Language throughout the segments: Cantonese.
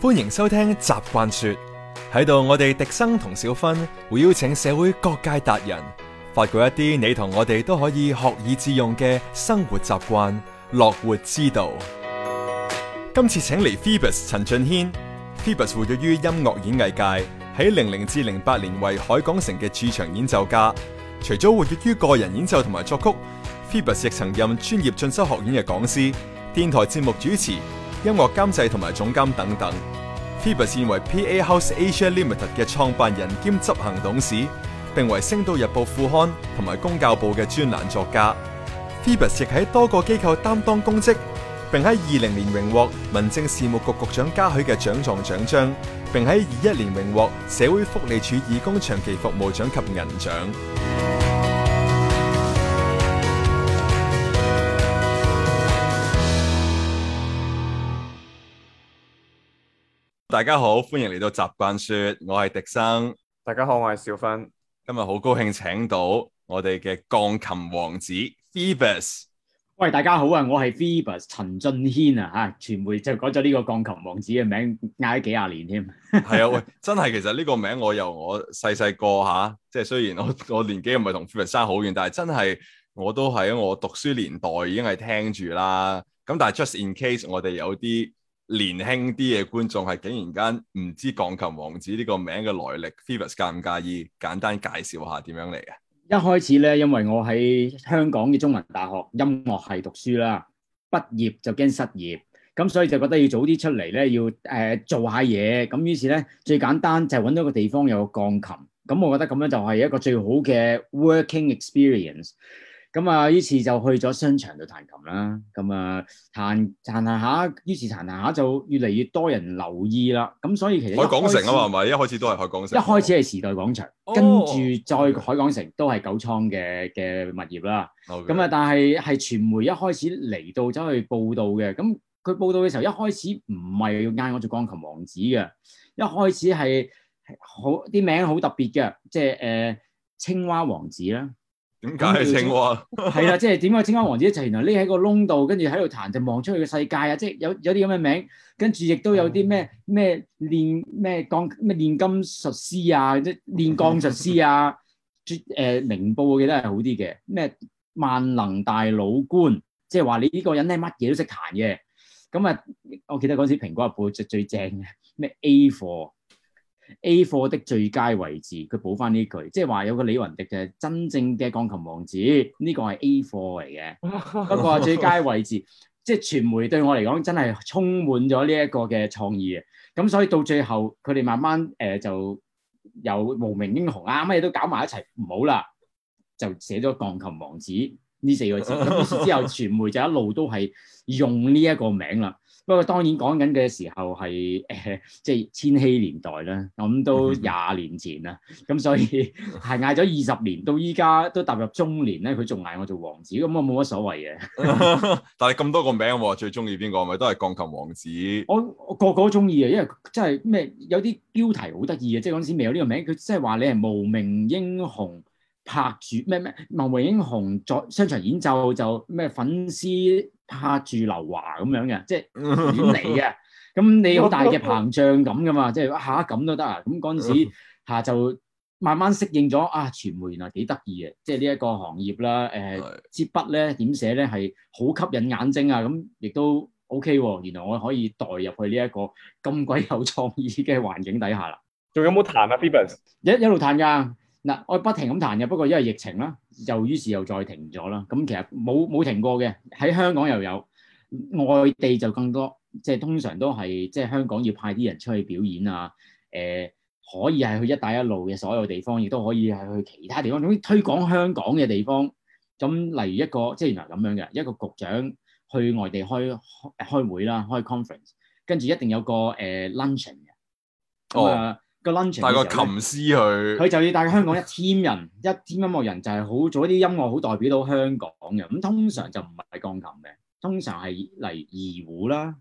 歡迎收聽習慣說，喺度，我哋迪生同小芬會邀請社會各界達人，發掘一啲你同我哋都可以學以致用嘅生活習慣、樂活之道。今次請嚟 Phoebus 陳雋騫。Phoebus 活躍於音樂演藝界，喺零零至零八年為海港城嘅駐場演奏家。除咗活躍於個人演奏同埋作曲，Phoebus 亦曾任專業進修學院嘅講師、電台節目主持。音樂監製同埋總監等等。Phoebus 現為 PA House Asia Limited 嘅創辦人兼執行董事，並為《星島日報》副刊同埋《公教報》嘅專欄作家。Phoebus 亦喺多個機構擔當公職，並喺二零年榮獲民政事務局局,局長嘉許嘅獎狀獎章，並喺二一年榮獲社會福利署義工長期服務獎及銀獎。大家好，歡迎嚟到習慣說，我係廸生。大家好，我係小芬。今日好高興請到我哋嘅鋼琴王子 Phoebus。喂，大家好啊，我係 Phoebus 陳雋騫啊吓，傳媒就改咗呢個鋼琴王子嘅名，嗌咗幾廿年添。係啊,啊，喂，真係其實呢個名我由我細細個吓，即、啊、係、就是、雖然我我年紀唔係同 Phoebus 生好遠，但係真係我都喺我讀書年代已經係聽住啦。咁但係 just in case 我哋有啲。年輕啲嘅觀眾係竟然間唔知鋼琴王子呢個名嘅來歷，Phoebus 介唔介意簡單介紹下點樣嚟嘅？一開始咧，因為我喺香港嘅中文大學音樂系讀書啦，畢業就驚失業，咁所以就覺得要早啲出嚟咧，要誒、呃、做下嘢，咁於是咧最簡單就揾到個地方有鋼琴，咁我覺得咁樣就係一個最好嘅 working experience。咁啊，於是就去咗商場度彈琴啦。咁啊，彈彈彈下，於是彈彈下就越嚟越多人留意啦。咁所以其實海港城啊嘛，係咪？一開始都係海港城，一開始係時代廣場，哦、跟住再海港城、嗯、都係九倉嘅嘅物業啦。咁啊、嗯，但係係傳媒一開始嚟到走去報道嘅。咁佢報道嘅時候，一開始唔係要嗌我做鋼琴王子嘅，一開始係好啲名好特別嘅，即係誒、呃、青蛙王子啦。點解係青蛙？係啦，即係點解青蛙王子一齊？原來匿喺個窿度，跟住喺度彈，就望出去嘅世界啊！即係有有啲咁嘅名，跟住亦都有啲咩咩煉咩鋼咩煉金術師啊，即係煉鋼術師啊，誒明、 呃、報我記得係好啲嘅，咩萬能大佬官，即係話你呢個人咧乜嘢都識彈嘅。咁啊，我記得嗰時蘋果日報就最，最正嘅咩 A f A 貨的最佳位置，佢補翻呢句，即係話有個李雲迪嘅真正嘅鋼琴王子，呢、這個係 A 貨嚟嘅。 不過最佳位置，即係傳媒對我嚟講，真係充滿咗呢一個嘅創意嘅。咁所以到最後，佢哋慢慢誒、呃、就有無名英雄啊，乜嘢都搞埋一齊，唔好啦，就寫咗鋼琴王子呢四個字。咁之後，傳媒就一路都係用呢一個名啦。不過當然講緊嘅時候係誒、呃，即係千禧年代啦，咁都廿年前啦，咁 所以係嗌咗二十年到依家都踏入中年咧，佢仲嗌我做王子，咁我冇乜所謂嘅。 但係咁多個名喎，最中意邊個？咪都係鋼琴王子。我我個個都中意啊，因為真係咩有啲標題好得意嘅，即係嗰陣時未有呢個名，佢即係話你係無名英雄，拍住咩咩無名英雄在商場演奏就咩粉絲。趴住劉華咁樣嘅，即係遠離嘅。咁你好大嘅膨脹咁噶嘛，即係吓，咁都得啊！咁嗰陣時吓、啊、就慢慢適應咗啊。傳媒原來幾得意嘅，即係呢一個行業啦，誒、呃，支筆咧點寫咧係好吸引眼睛啊！咁、嗯、亦都 OK 喎、啊，原來我可以代入去呢、啊 yeah, 一個咁鬼有創意嘅環境底下啦。仲有冇彈啊 Phoebus 一一路彈噶。嗱，我不停咁彈嘅，不過因為疫情啦，又於是又再停咗啦。咁其實冇冇停過嘅，喺香港又有，外地就更多。即係通常都係即係香港要派啲人出去表演啊。誒、呃，可以係去一帶一路嘅所有地方，亦都可以係去其他地方，總之推廣香港嘅地方。咁例如一個即係原來咁樣嘅一個局長去外地開開會啦，開 conference，跟住一定有個誒 luncheon 嘅。呃 lunch 帶個琴師去，佢就要帶香港一千人， 一千音樂人就係好做一啲音樂好代表到香港嘅。咁、嗯、通常就唔係鋼琴嘅，通常係嚟二胡啦。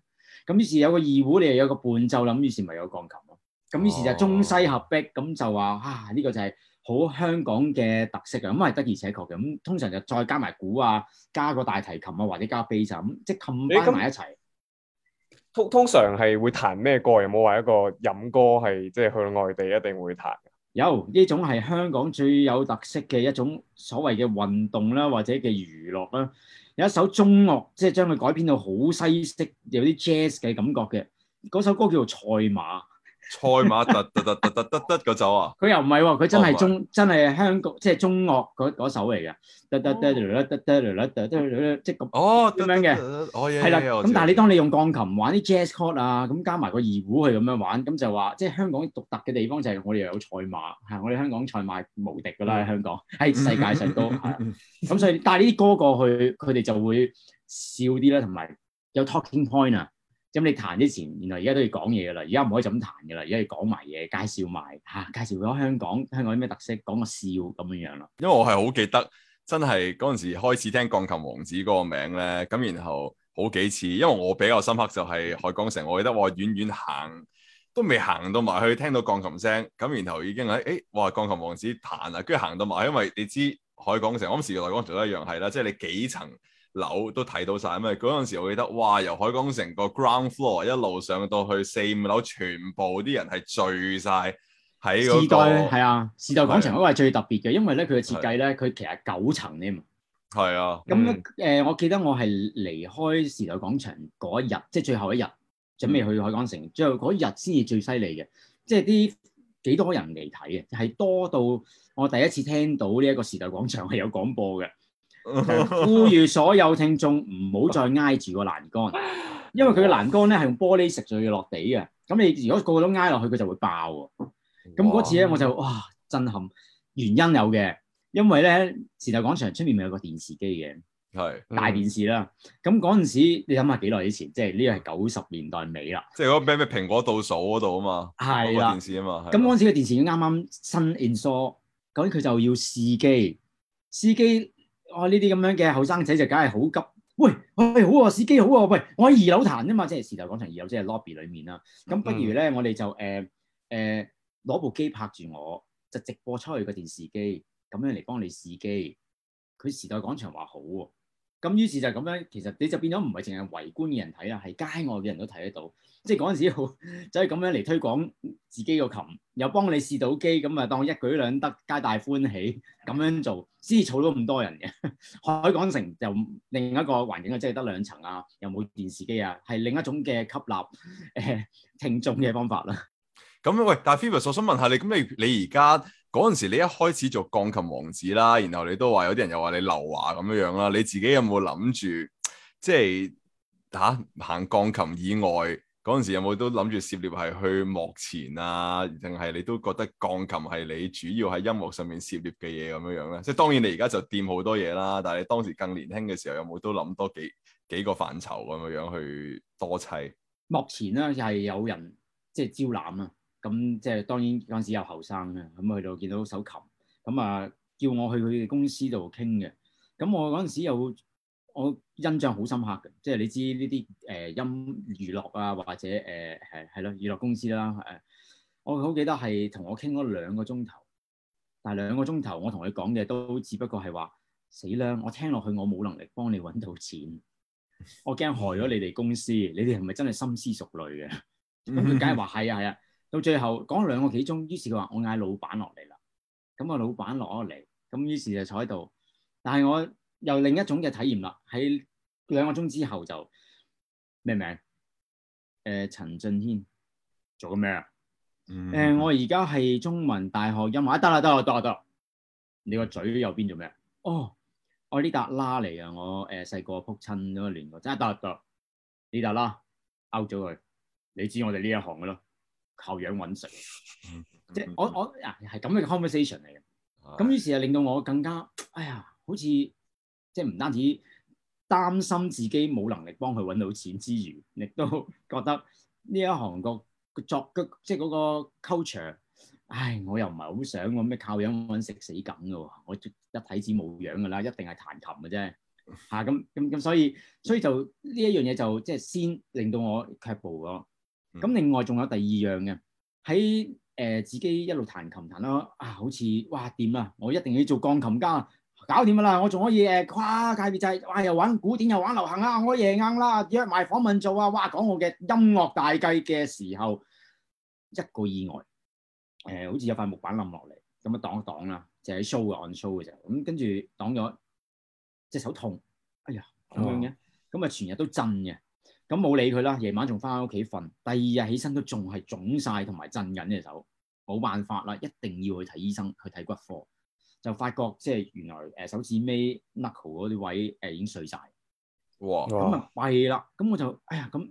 咁於是有個二胡，你又有個伴奏啦。咁於是咪有鋼琴咯。咁於是就，於是就是中西合璧。咁、哦、就話啊，呢、呢個就係好香港嘅特色嘅。咁係的而且確嘅。咁、嗯、通常就再加埋鼓啊，加個大提琴啊，或者加 bass 啊咁即係冚，翻、就、埋、是、一齊。欸通通常係會彈咩歌？有冇話一個飲歌係即係去外地一定會彈？有，呢種係香港最有特色嘅一種所謂嘅運動啦，或者嘅娛樂啦。有一首中樂即係、就是、將佢改編到好西式，有啲 jazz 嘅感覺嘅。嗰首歌叫做賽馬。賽馬，特特特特特特嗰首啊？佢又唔係喎，佢、oh, 真係中真係香港即係、就是、中樂嗰首嚟嘅。特特特特特特特特即係咁哦咁樣嘅。係啦、oh, yeah , yeah, 嗯，咁但係你當你用鋼琴玩啲 jazz chord 啊，咁加埋個二胡去咁樣玩，咁就話即係香港獨特嘅地方就係我哋又有賽馬，係我哋香港賽馬無敵噶啦。喺、mm hmm. 香港喺世界上多，咁 所以，帶呢啲歌過去佢哋就會笑啲啦，同埋有，有 talking point 啊。咁你彈之前，原來而家都要講嘢噶啦，而家唔可以就咁彈噶啦，而家要講埋嘢，介紹埋嚇，介紹下香港，香港啲咩特色，講個笑咁樣樣咯。因為我係好記得，真係嗰陣時開始聽鋼琴王子嗰個名咧，咁然後好幾次，因為我比較深刻就係海港城，我記得我遠遠行都未行到埋去，聽到鋼琴聲，咁然後已經喺，哎哇鋼琴王子彈啊，跟住行到埋，因為你知海港城嗰陣時，內港城都一樣係啦，即係、就是、你幾層。樓都睇到晒，因啊！嗰陣時我記得，哇！由海港城個 ground floor 一路上到去四五樓，全部啲人係聚晒。喺嗰個時代係啊，時代廣場嗰個係最特別嘅，是啊、因為咧佢嘅設計咧，佢是、啊、其實九層添。嘛。係啊，咁誒那、嗯呃，我記得我係離開時代廣場嗰一日，即、就、係、是、最後一日，準備去海港城，嗯、最後嗰日先至最犀利嘅，即係啲幾多人嚟睇嘅，係多到我第一次聽到呢一個時代廣場係有廣播嘅。呼籲 所有聽眾唔好再挨住個欄杆，因為佢嘅欄杆咧係用玻璃食咗碎落地嘅。咁你如果個個都挨落去，佢就會爆。咁嗰次咧，我就哇，震撼！原因有嘅，因為咧時代廣場出面咪有個電視機嘅，係是大電視啦。咁嗰陣時你諗下幾耐以前，即係呢個係九十年代尾啦。即係嗰咩咩蘋果倒數嗰度啊嘛，係啦的，電視啊嘛。咁嗰陣時嘅電視已經啱啱新 in show，咁佢就要試機，試機。我呢啲咁樣嘅後生仔就梗係好急，喂，喂，好啊，試機好啊，喂，我喺二樓彈啫嘛，即係時代廣場二樓即係 lobby 裏面啦。咁不如咧，嗯、我哋就誒誒攞部機拍住我，就直播出去個電視機，咁樣嚟幫你試機。佢時代廣場話好喎，啊。咁於是就咁樣，其實你就變咗唔係淨係圍觀嘅人睇啦，係街外嘅人都睇得到。即係嗰陣時好就係咁樣嚟推廣自己個琴，又幫你試到機，咁啊當一舉兩得，皆大歡喜咁樣做，先至儲到咁多人嘅。海港城就另一個環境啊，即係得兩層啊，又冇電視機啊，係另一種嘅吸納誒、呃、聽眾嘅方法啦。咁喂，但係 Phoebus 我想問下你，咁你你而家嗰陣時，你一開始做鋼琴王子啦，然後你都話有啲人又話你劉華咁樣樣啦，你自己有冇諗住即係嚇、啊、行鋼琴以外嗰陣時有冇都諗住涉獵係去幕前啊，定係你都覺得鋼琴係你主要喺音樂上面涉獵嘅嘢咁樣樣咧？即係當然你而家就掂好多嘢啦，但係你當時更年輕嘅時候有冇都諗多幾幾個範疇咁樣樣去多砌幕前咧，就係有人即係招攬啊？咁即係當然嗰陣時又後生嘅，咁去到見到手琴，咁啊叫我去佢哋公司度傾嘅。咁我嗰陣時有我印象好深刻嘅，即係你知呢啲誒音娛樂啊，或者誒誒係咯娛樂公司啦。我好記得係同我傾咗兩個鐘頭，但係兩個鐘頭我同佢講嘅都只不過係話死啦，我聽落去我冇能力幫你揾到錢，我驚害咗你哋公司。你哋係咪真係深思熟慮嘅？咁佢梗係話係啊係啊。到最後講兩個幾鐘，於是佢話我嗌老闆落嚟啦。咁啊老闆落咗嚟，咁於是就坐喺度。但係我又另一種嘅體驗啦，喺兩個鐘之後就咩名？誒陳雋騫做緊咩啊？誒、嗯呃、我而家係中文大學音樂得啦得啦得啦得，你個嘴右邊做咩？哦我呢笪拉嚟啊，我誒細個撲親咗個連個，真係得得呢笪拉勾咗佢，你知我哋呢一行噶咯。啊啊靠樣揾食， 即係我我啊係咁嘅 conversation 嚟嘅。咁 於是就令到我更加哎呀，好似即係唔單止擔心自己冇能力幫佢揾到錢之餘，亦都覺得呢一行個作即係嗰個 culture，唉，我又唔係好想咁咩靠樣揾食死梗嘅喎。我一睇知冇樣㗎啦，一定係彈琴嘅啫吓，咁咁咁，所以所以就呢一樣嘢就即係先令到我卻步咯。咁另外仲有第二樣嘅，喺誒、呃、自己一路彈琴彈咯，啊好似哇掂啊，我一定要做鋼琴家，搞掂啦，我仲可以誒跨界別就係、是、哇又玩古典又玩流行啊，我贏硬啦，約埋訪問做啊，哇講我嘅音樂大計嘅時候，一個意外誒、呃，好似有塊木板冧落嚟，咁啊擋一擋啦，就喺 show on show 嘅啫，咁跟住擋咗隻手痛，哎呀咁、哦、樣嘅，咁啊全日都震嘅。咁冇理佢啦，夜晚仲翻屋企瞓，第二日起身都仲係腫晒同埋震緊隻手，冇辦法啦，一定要去睇醫生，去睇骨科，就發覺即係原來誒手指尾 knuckle 嗰啲位誒已經碎晒。哇！咁啊廢啦，咁我就哎呀咁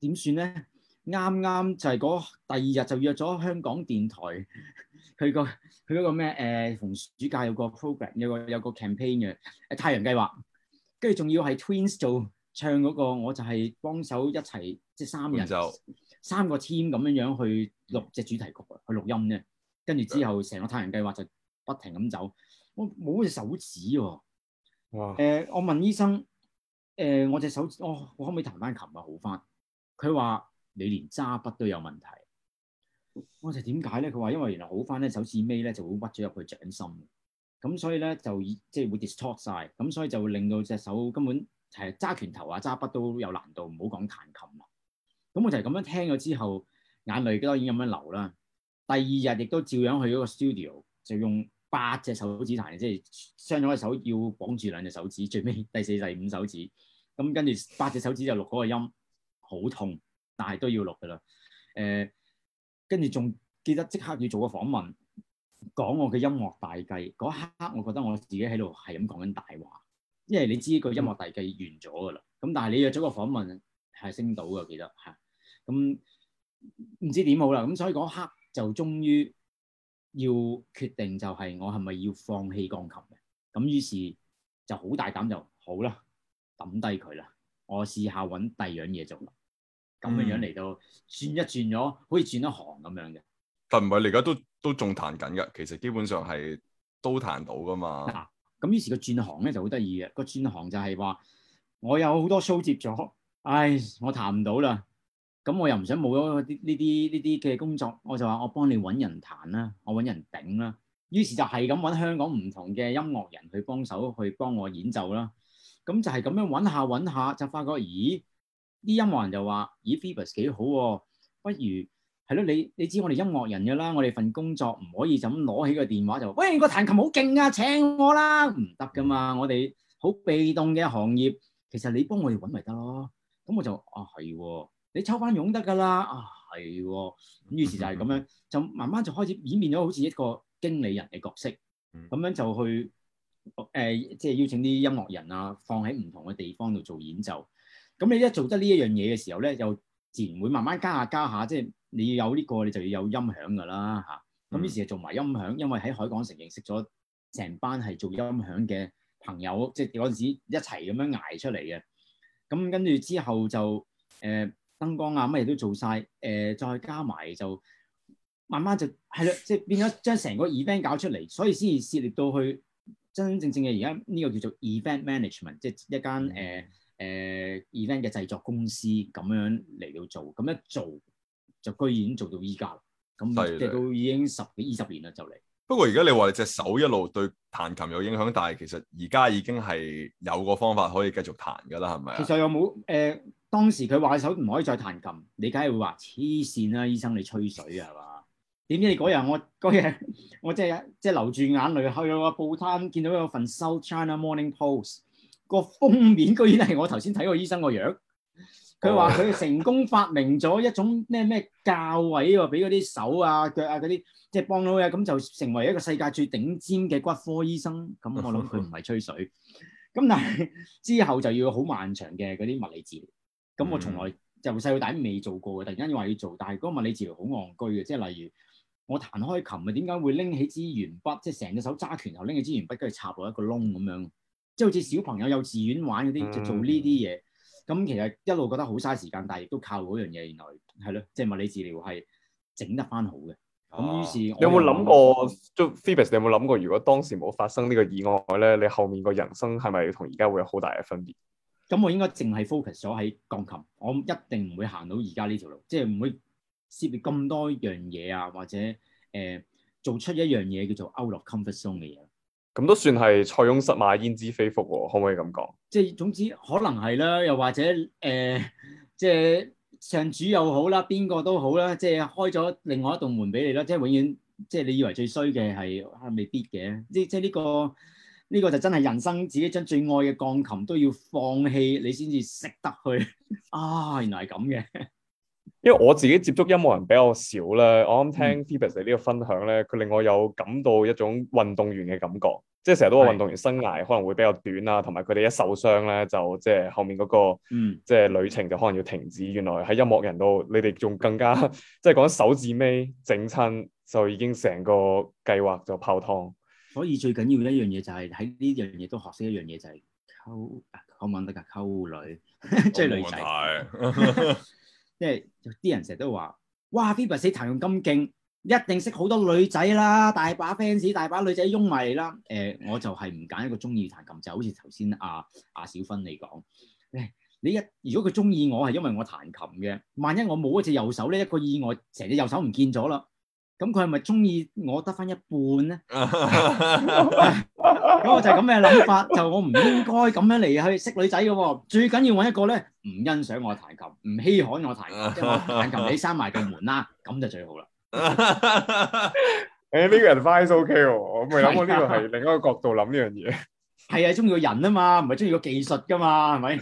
點算咧？啱啱就係嗰第二日就約咗香港電台佢個佢嗰咩誒？逢暑假有個 program，有個有個 campaign 嘅誒、呃、太陽計劃，跟住仲要係 Twins 做。唱嗰、那個我就係幫手一齊，即係三個人走三個 team 咁樣樣去錄隻主題曲啊，去錄音咧。跟住之後成個太陽計劃就不停咁走。我冇隻手指喎、哦哇呃。我問醫生誒、呃，我隻手我、哦、我可唔可以彈翻琴啊？好翻？佢話你連揸筆都有問題。我就點解咧？佢話因為原來好翻咧，手指尾咧就會屈咗入去掌心，咁所以咧就即係、就是、會 distort 曬，咁所以就會令到隻手根本。係揸拳頭啊，揸筆都有難度，唔好講彈琴啦。咁我就咁樣聽咗之後，眼淚當然咁樣流啦。第二日亦都照樣去嗰個 studio，就用八隻手指彈，即係傷咗個手要綁住兩隻手指，最尾第四第五手指。咁跟住八隻手指就錄嗰個音，好痛，但係都要錄噶啦。誒、呃，跟住仲記得即刻要做個訪問，講我嘅音樂大計。嗰刻我覺得我自己喺度係咁講緊大話。因為你知個音樂大計完咗㗎啦，咁、嗯、但係你約咗個訪問係升到㗎，其實吓。咁唔知點好啦，咁所以嗰刻就終於要決定，就係我係咪要放棄鋼琴嘅？咁於是就好大膽就好啦，抌低佢啦，我試下揾第二樣嘢做啦。咁樣樣嚟到轉一轉咗，嗯、好似轉一行咁樣嘅。但唔係，你而家都都仲彈緊㗎，其實基本上係都彈到㗎嘛。咁於是個轉行咧就好得意嘅，個轉行就係話我有好多 show 接咗，唉、哎，我彈唔到啦，咁我又唔想冇咗啲呢啲呢啲嘅工作，我就話我幫你揾人彈啦、啊，我揾人頂啦、啊，於是就係咁揾香港唔同嘅音樂人去幫手去幫我演奏啦、啊，咁就係咁樣揾下揾下，就發覺，咦，啲音樂人就話，咦，Phoebus 幾好喎、啊，不如。係咯，你你知我哋音樂人噶啦，我哋份工作唔可以就咁攞起個電話就，喂，個彈琴好勁啊，請我啦，唔得噶嘛，嗯、我哋好被動嘅行業，其實你幫我哋揾咪得咯，咁、嗯、我就啊係喎，你抽翻傭得噶啦，啊係喎，咁於是就係咁樣，就慢慢就開始演變咗好似一個經理人嘅角色，咁樣就去誒、呃，即係邀請啲音樂人啊，放喺唔同嘅地方度做演奏，咁你一做得呢一樣嘢嘅時候咧，又自然會慢慢加下加下，即係。你要有呢、這個，你就要有音響㗎啦嚇。咁、嗯、於是做埋音響，因為喺海港城認識咗成班係做音響嘅朋友，即係嗰時一齊咁樣捱出嚟嘅。咁跟住之後就誒、呃、燈光啊，乜嘢都做晒，誒、呃、再加埋就慢慢就係啦，即係、就是、變咗將成個 event 搞出嚟，所以先至涉獵到去真真正正嘅而家呢個叫做 event management，即係一間誒誒 event 嘅製作公司咁樣嚟到做，咁樣做。就居然做到依家啦，咁即係都已經十幾二十年啦就嚟來。不過而家你話你隻手一路對彈琴有影響，但係其實而家已經係有個方法可以繼續彈㗎啦，係咪啊？其實有冇誒、呃、當時佢話隻手唔可以再彈琴，你梗係會話黐線啦，醫生你吹水呀係嘛？點知你嗰日我嗰日我即係即係流住眼淚去咗個報攤，見到有份《South China Morning Post》個封面居然係我頭先睇過個醫生個樣。佢話佢成功發明咗一種咩咩教位喎，俾嗰啲手啊腳啊嗰啲即係幫到佢，咁就成為一個世界最頂尖嘅骨科醫生。咁我諗佢唔係吹水。咁 但係之後就要好漫長嘅嗰啲物理治療。咁我從來由細到大未做過嘅，突然間要話要做，但係嗰個物理治療好戇居嘅，即係例如我彈開琴啊，點解會拎起支鉛筆，即係成隻手揸拳頭拎起支鉛筆，跟住插落一個窿咁樣，即係好似小朋友幼稚園玩嗰啲，就做呢啲嘢。 咁其實一路覺得好嘥時間，但係亦都靠嗰樣嘢，原來係咯，即係、就是、物理治療係整得翻好嘅。咁、啊、於是你有冇諗過 Phoebus 你有冇諗過，過？如果當時冇發生呢個意外咧，你後面個人生係咪同而家會有好大嘅分別？咁我應該淨係 focus 咗喺鋼琴，我一定唔會行到而家呢條路，即係唔會涉獵咁多樣嘢啊，或者誒、呃、做出一樣嘢叫做 out of comfort zone 嘅嘢。咁都算係塞翁失馬，焉知非福喎？可唔可以咁講？即係總之，可能係啦，又或者誒，即係上主又好啦，邊個都好啦，即係開咗另外一道門俾你啦。即係永遠，即係你以為最衰嘅係啊，未必嘅。呢即係呢個呢個就真係人生，自己將最愛嘅鋼琴都要放棄，你先至識得去啊！原來係咁嘅。因為我自己接觸音樂人比較少啦，我啱聽 Phoebus 呢個分享咧，佢令我有感到一種運動員嘅感覺，即係成日都話運動員生涯可能會比較短啦，同埋佢哋一受傷咧就即係後面嗰個即係旅程就可能要停止。原來喺音樂人度，你哋仲更加即係講手指尾整親，就已經成個計劃就泡湯。所以最緊要一樣嘢就係喺呢樣嘢都學識一樣嘢就係溝可唔可以得㗎？溝女即係追女仔。 即係有啲人成日都話，哇，Phoebus 彈琴咁勁，一定識好多女仔啦，大把 fans，大把女仔擁埋嚟啦。誒、呃，我就係唔揀一個中意彈琴，就好似頭先阿阿小芬你講，你一如果佢中意我係因為我彈琴嘅，萬一我冇一隻右手咧，一個意外成隻右手唔見咗啦，咁佢係咪中意我得翻一半咧？ 嗰就係咁嘅諗法，就我唔應該咁樣嚟去識女仔嘅喎。最緊要揾一個咧，唔欣賞我彈琴，唔稀罕我彈琴，彈、就、琴、是、你閂埋個門啦，咁就最好啦。誒 呢、欸這個人 advice OK 喎、哦，我未諗過我呢個係另一個角度諗呢樣嘢。係是啊，中意個人啊嘛，唔係中意個技術噶嘛，係咪？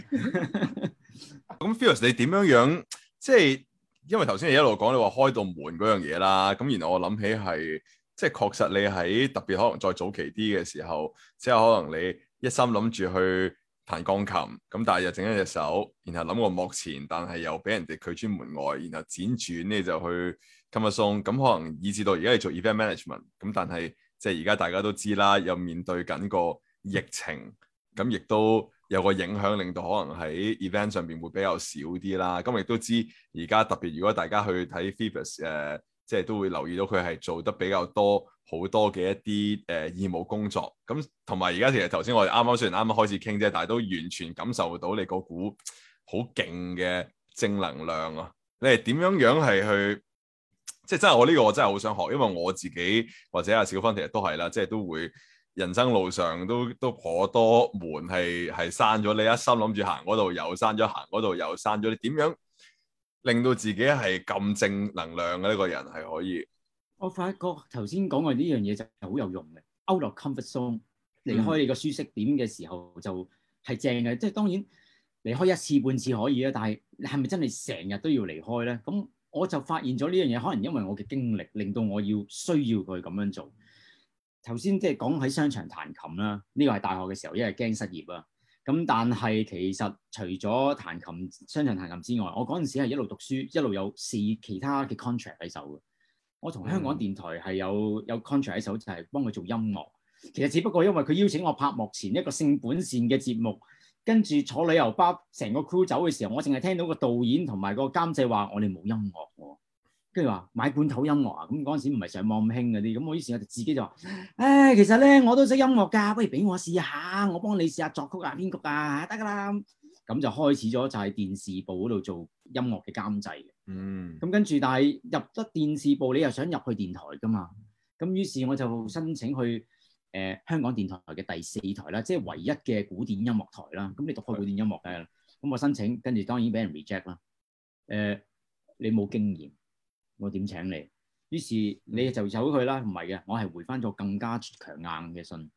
咁 Phoebus，你點樣樣？即係因為頭先你一路講你話開到門嗰樣嘢啦，咁然後我諗起係。即係確實，你喺特別可能再早期啲嘅時候，即係可能你一心諗住去彈鋼琴，咁但係又整一隻手，然後諗過幕前，但係又俾人哋拒出門外，然後輾轉你就去今日送，咁可能以至到而家係做 event management，咁但係即係而家大家都知啦，又面對緊個疫情，咁亦都有個影響，令到可能喺 event 上邊會比較少啲啦。咁亦都知而家特別，如果大家去睇 Phoebus 誒。即係都會留意到佢係做得比較多好多嘅一啲誒、呃、義務工作，咁同埋而家其實頭先我哋啱啱雖然啱啱開始傾啫，但係都完全感受到你嗰股好勁嘅正能量啊！你係點樣樣係去，即係真係我呢個我真係好想學，因為我自己或者阿小芬其實都係啦，即係都會人生路上都都頗多門係係閂咗你一心諗住行嗰度又閂咗行嗰度又閂咗，你點樣？令到自己係咁正能量嘅呢個人係可以，我發覺頭先講嘅呢樣嘢就係好有用嘅。Out of comfort zone，離開你個舒適點嘅時候就係正嘅。即係、嗯、當然，離開一次半次可以啊，但係你係咪真係成日都要離開咧？咁我就發現咗呢樣嘢，可能因為我嘅經歷令到我要需要佢咁樣做。頭先即係講喺商場彈琴啦，呢個係大學嘅時候，因為驚失業啊。咁但係其實除咗彈琴、商場彈琴之外，我嗰陣時係一路讀書，一路有試其他嘅 contract 喺手嘅。我同香港電台係有有 contract 喺手，就係幫佢做音樂。其實只不過因為佢邀請我拍幕前一個性本善嘅節目，跟住坐旅遊巴成個 crew 走嘅時候，我淨係聽到個導演同埋個監製話：我哋冇音樂跟住話買罐頭音樂啊，咁嗰陣時唔係上網咁興嗰啲，咁我於是我就自己就話，誒、哎、其實咧我都識音樂㗎，不如俾我試下，我幫你試下作曲啊、編曲啊，得㗎啦。咁就開始咗就係電視部嗰度做音樂嘅監製。嗯。咁跟住，但係入得電視部，你又想入去電台㗎嘛？咁於是我就申請去誒、呃、香港電台嘅第四台啦，即係唯一嘅古典音樂台啦。咁你讀開古典音樂嘅，咁我申請，跟住當然俾人 reject 啦。誒、呃，你冇經驗。我點請你？於是你就走咗佢啦，唔係嘅，我係回翻咗更加強硬嘅信。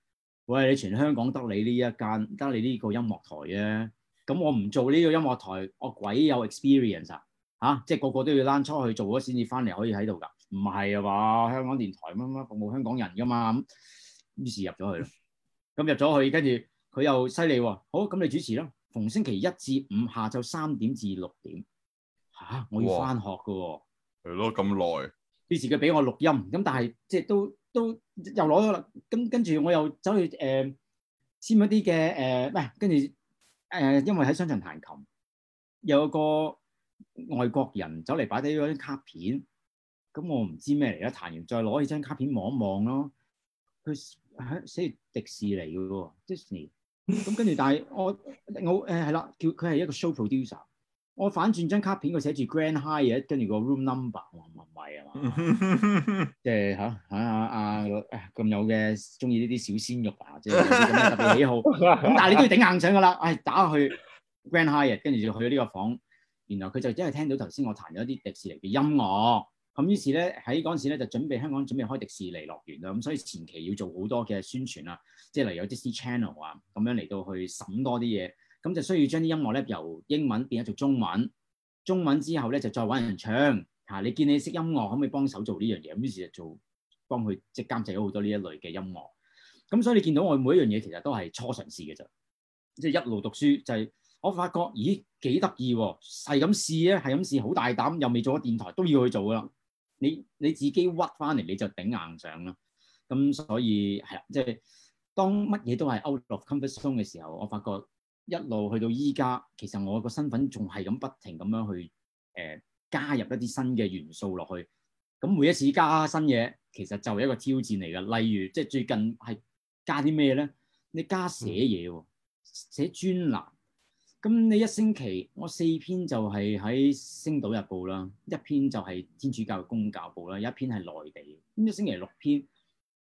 喂，你全香港得你呢一間，得你呢個音樂台啫、啊。咁、嗯、我唔做呢個音樂台，我鬼有 experience 啊！嚇、啊，即係個個都要躝出去做咗先至翻嚟可以喺度㗎，唔係啊嘛？香港電台乜乜服務香港人㗎嘛？咁於是入咗去啦。咁入咗去，跟住佢又犀利、哦、好，咁你主持啦，逢星期一至五下晝三點至六點。吓、啊，我要翻學㗎喎、哦。係咯，咁耐。於是佢俾我錄音，咁但係即係都都又攞咗啦。咁跟住我又走去誒簽一啲嘅誒，唔、呃、跟住誒、呃，因為喺商場彈琴，有個外國人走嚟擺低咗張卡片，咁我唔知咩嚟啦。彈完再攞起張卡片望一望咯，佢寫住迪士尼嘅喎，迪士尼。咁跟住，但係我我誒係啦，叫佢係一個 show producer。我反轉張卡片寫，佢寫住 Grand Hyatt 跟住個 room number，我話唔係啊嘛，即係嚇嚇阿阿咁有嘅中意呢啲小鮮肉啊，即、嗯、係、啊哎就是、特別喜好。咁但係你都要頂硬上㗎啦，唉、哎、打去 Grand Hyatt 跟住就去咗呢個房，原來佢就真係聽到頭先我彈咗啲迪士尼嘅音樂，咁於是咧喺嗰陣時咧就準備香港準備開迪士尼樂園啦，咁、嗯、所以前期要做好多嘅宣傳啦，即係例如有 Disney Channel 啊，咁樣嚟到去審多啲嘢。咁就需要將啲音樂咧由英文變咗做中文，中文之後咧就再揾人唱嚇、啊。你見你識音樂，可唔可以幫手做呢樣嘢？於是就做幫佢即係監製咗好多呢一類嘅音樂。咁所以你見到我每一樣嘢其實都係初嘗試嘅啫，即、就、係、是、一路讀書就係、是、我發覺咦幾得、哦、意喎，係咁試咧，係咁試好大膽，又未做過電台都要去做噶啦。你你自己屈翻嚟你就頂硬上啦。咁所以係啦，即係、就是、當乜嘢都係 out of comfort zone 嘅時候，我發覺。一路去到依家，其實我個身份仲係咁不停咁樣去誒、呃、加入一啲新嘅元素落去。咁每一次加新嘢，其實就係一個挑戰嚟嘅。例如即係最近係加啲咩咧？你加寫嘢喎，嗯、寫專欄。咁你一星期我四篇就係喺星島日報啦，一篇就係天主教嘅公教報啦，一篇係內地。咁一星期六篇，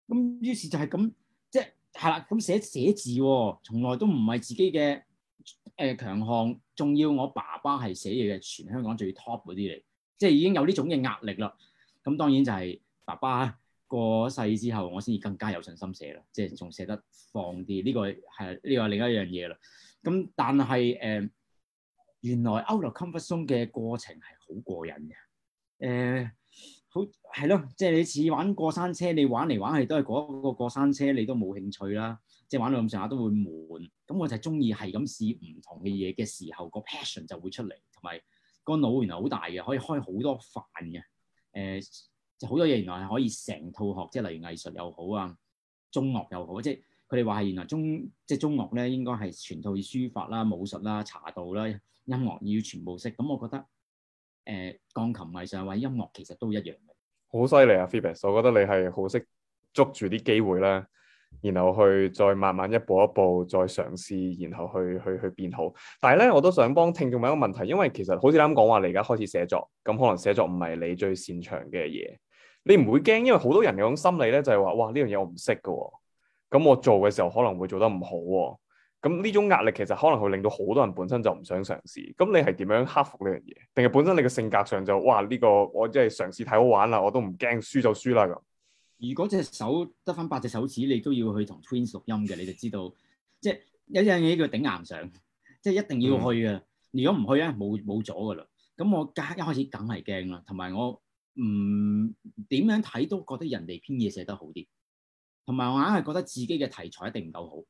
咁於是就係咁即係係啦。咁、即係、寫寫字喎、哦，從來都唔係自己嘅。誒，強項仲要我爸爸係寫嘢嘅，全香港最 top 嗰啲嚟，即係已經有呢種嘅壓力啦。咁當然就係爸爸過世之後，我先至更加有信心寫啦，即係仲寫得放啲。呢，這個係呢，這個另一樣嘢啦。咁但係誒、呃，原來 out of comfort zone 嘅過程係好過癮嘅。誒、呃，好係咯，即係你似玩過山車，你玩嚟玩去都係嗰個過山車，你都冇興趣啦。即係玩到咁上下都會悶，咁我就係中意係咁試唔同嘅嘢嘅時候，個 passion 就會出嚟，同埋、個腦原來好大嘅，可以開好多範嘅。誒、呃，就好多嘢原來係可以成套學，即係例如藝術又好啊，中樂又好，即係佢哋話係原來中即係中樂咧，應該係全套要書法啦、武術啦、茶道啦、音樂要全部識。咁我覺得誒、呃，鋼琴藝術或者音樂其實都一樣嘅。好犀利啊，Phoebus！我覺得你係好識捉住啲機會啦。然後去再慢慢一步一步再嘗試，然後去去去變好。但係咧，我都想幫聽眾問一個問題，因為其實好似啱講話你而家開始寫作，咁可能寫作唔係你最擅長嘅嘢，你唔會驚，因為好多人有種心理咧就係話，哇呢樣嘢我唔識嘅，咁我做嘅時候可能會做得唔好，咁呢種壓力其實可能會令到好多人本身就唔想嘗試。咁你係點樣克服呢樣嘢？定係本身你嘅性格上就哇呢個我即係嘗試睇好玩啦，我都唔驚，輸就輸啦咁。如果隻手得返八隻手指，你都要去同 Twins 錄音嘅，你就知道即係有一樣嘢叫頂硬上，即係一定要去嘅。如果唔去咧，冇冇咗噶啦。咁我一開始梗係驚啦，同埋我唔點樣睇都覺得人哋篇嘢寫得好啲，同埋我硬係覺得自己嘅題材一定唔夠好，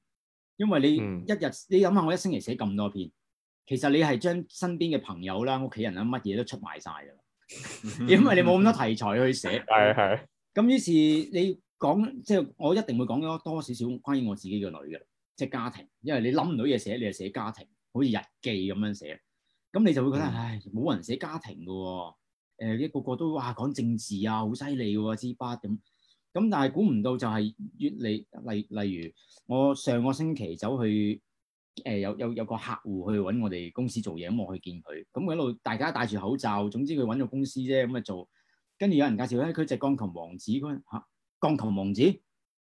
因為你一日、嗯、你諗下，我一星期寫咁多篇，其實你係將身邊嘅朋友啦、屋企人啦、乜嘢都出賣曬啦，因為你冇咁多題材去寫，係係。 咁於是你講即係我一定會講咗多少少關於我自己嘅女嘅，即係家庭，因為你諗唔到嘢寫，你就寫家庭，好似日記咁樣寫。咁你就會覺得、嗯、唉，冇人寫家庭嘅喎、呃，一個一個都哇講政治啊，好犀利喎，之筆咁。咁但係估唔到就係越嚟例例如，我上個星期走去誒、呃、有有有個客戶去揾我哋公司做嘢，咁、嗯、我去見佢，咁、嗯、佢一路大家戴住口罩，總之佢揾咗公司啫，咁啊做。跟住有人介紹咧，佢就鋼琴王子嗰陣鋼琴王子，咁、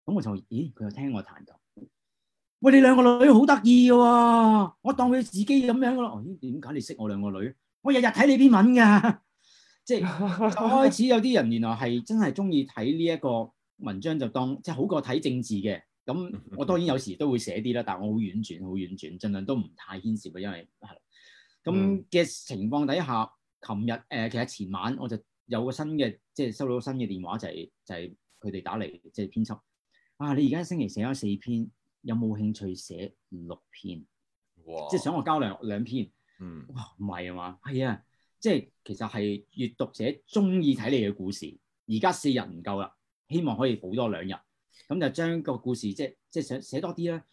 啊、我就咦，佢又聽我彈琴。喂，你兩個女好得意喎，我當佢自己咁樣咯。咦、哎，點解你識我兩個女？我日日睇你啲文㗎，即係開始有啲人原來係真係中意睇呢一個文章，就當即係好過睇政治嘅。咁我當然有時都會寫啲啦，但係我好婉轉，好婉轉，儘量都唔太牽涉，因為係咁嘅情況底下。琴日誒，其實前晚我就。有個新嘅，即係收到個新嘅電話就係就係佢哋打嚟，即係編輯啊！你而家星期寫咗四篇，有冇興趣寫六篇？哇即係想我交兩兩篇，嗯，唔係啊嘛，係啊，即係其實係閱讀者中意睇你嘅故事，而家四日唔夠啦，希望可以補多兩日，咁就將個故事即係即係寫寫多啲啦。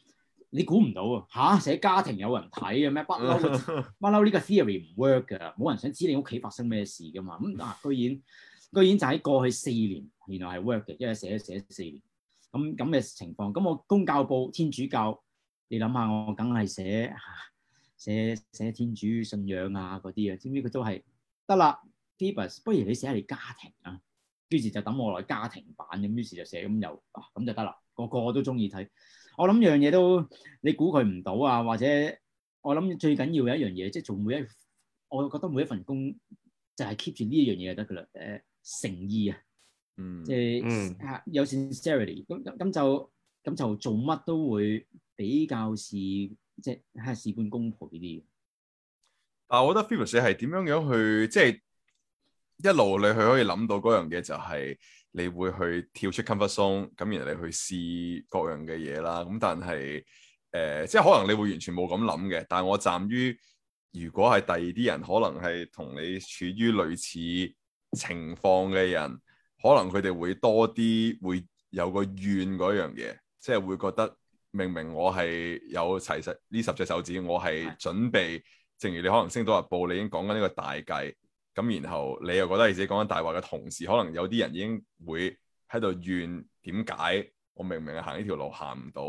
你估唔到啊！吓？寫家庭有人睇嘅咩？ 不嬲不嬲呢個 theory 唔 work 㗎，冇人想知你屋企發生咩事㗎嘛。咁、啊、嗱，居然居然就喺過去四年，原來係 work 嘅，因為寫寫，寫四年咁咁嘅情況。咁我公教報、天主教，你諗下我梗係寫嚇、啊、寫，寫天主信仰啊嗰啲啊，知唔知佢都係得啦，Phoebus，不如你寫你家庭啊。於是就等我來家庭版咁，於是就寫咁又啊咁就得啦，個個都中意睇。我諗樣嘢都你估佢唔到啊，或者我諗最緊要有一樣嘢，即係做每一，我覺得每一份工就係 keep 住呢樣嘢就得噶啦。誒，誠意啊，嗯，即係嚇有 sincerity，咁咁咁就咁就做乜都會比較事，即係嚇事半功倍啲。但係我覺得 Phoebus 係點樣樣去即係。一路你去可以諗到嗰樣嘢就係你會去跳出 comfort zone，咁然後你去試各樣嘅嘢啦。咁但係誒、呃，即係可能你會完全冇咁諗嘅。但係我站於如果係第二啲人，可能係同你處於類似情況嘅人，可能佢哋會多啲會有個怨嗰樣嘢，即係會覺得明明我係有齊十呢十隻手指，我係準備，的正如你可能星島日報，你已經講緊呢個大計。咁，然後你又覺得你自己講緊大話嘅同時，可能有啲人已經會喺度怨點解我明明係行呢條路行唔到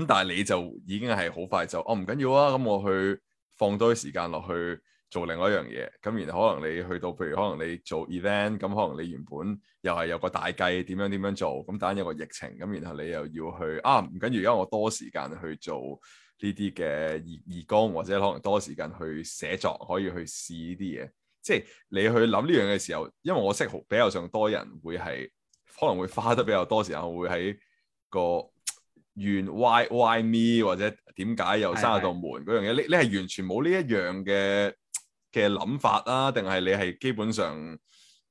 咁，但係你就已經係好快就哦，唔緊要啊，咁我去放多啲時間落去做另外一樣嘢。咁然後可能你去到譬如可能你做 event，咁可能你原本又係有個大計點樣點樣做咁，但有個疫情咁，然後你又要去啊，唔緊要，因為我多時間去做呢啲嘅義義工，或者可能多時間去寫作，可以去試呢啲嘢。即係你去諗呢樣嘅時候，因為我識好比較上多人會係可能會花得比較多時間會、那個，會喺個怨 why why me 或者點解又閂咗道門嗰樣嘢。你你係完全冇呢一樣嘅嘅諗法啦、啊，定係你係基本上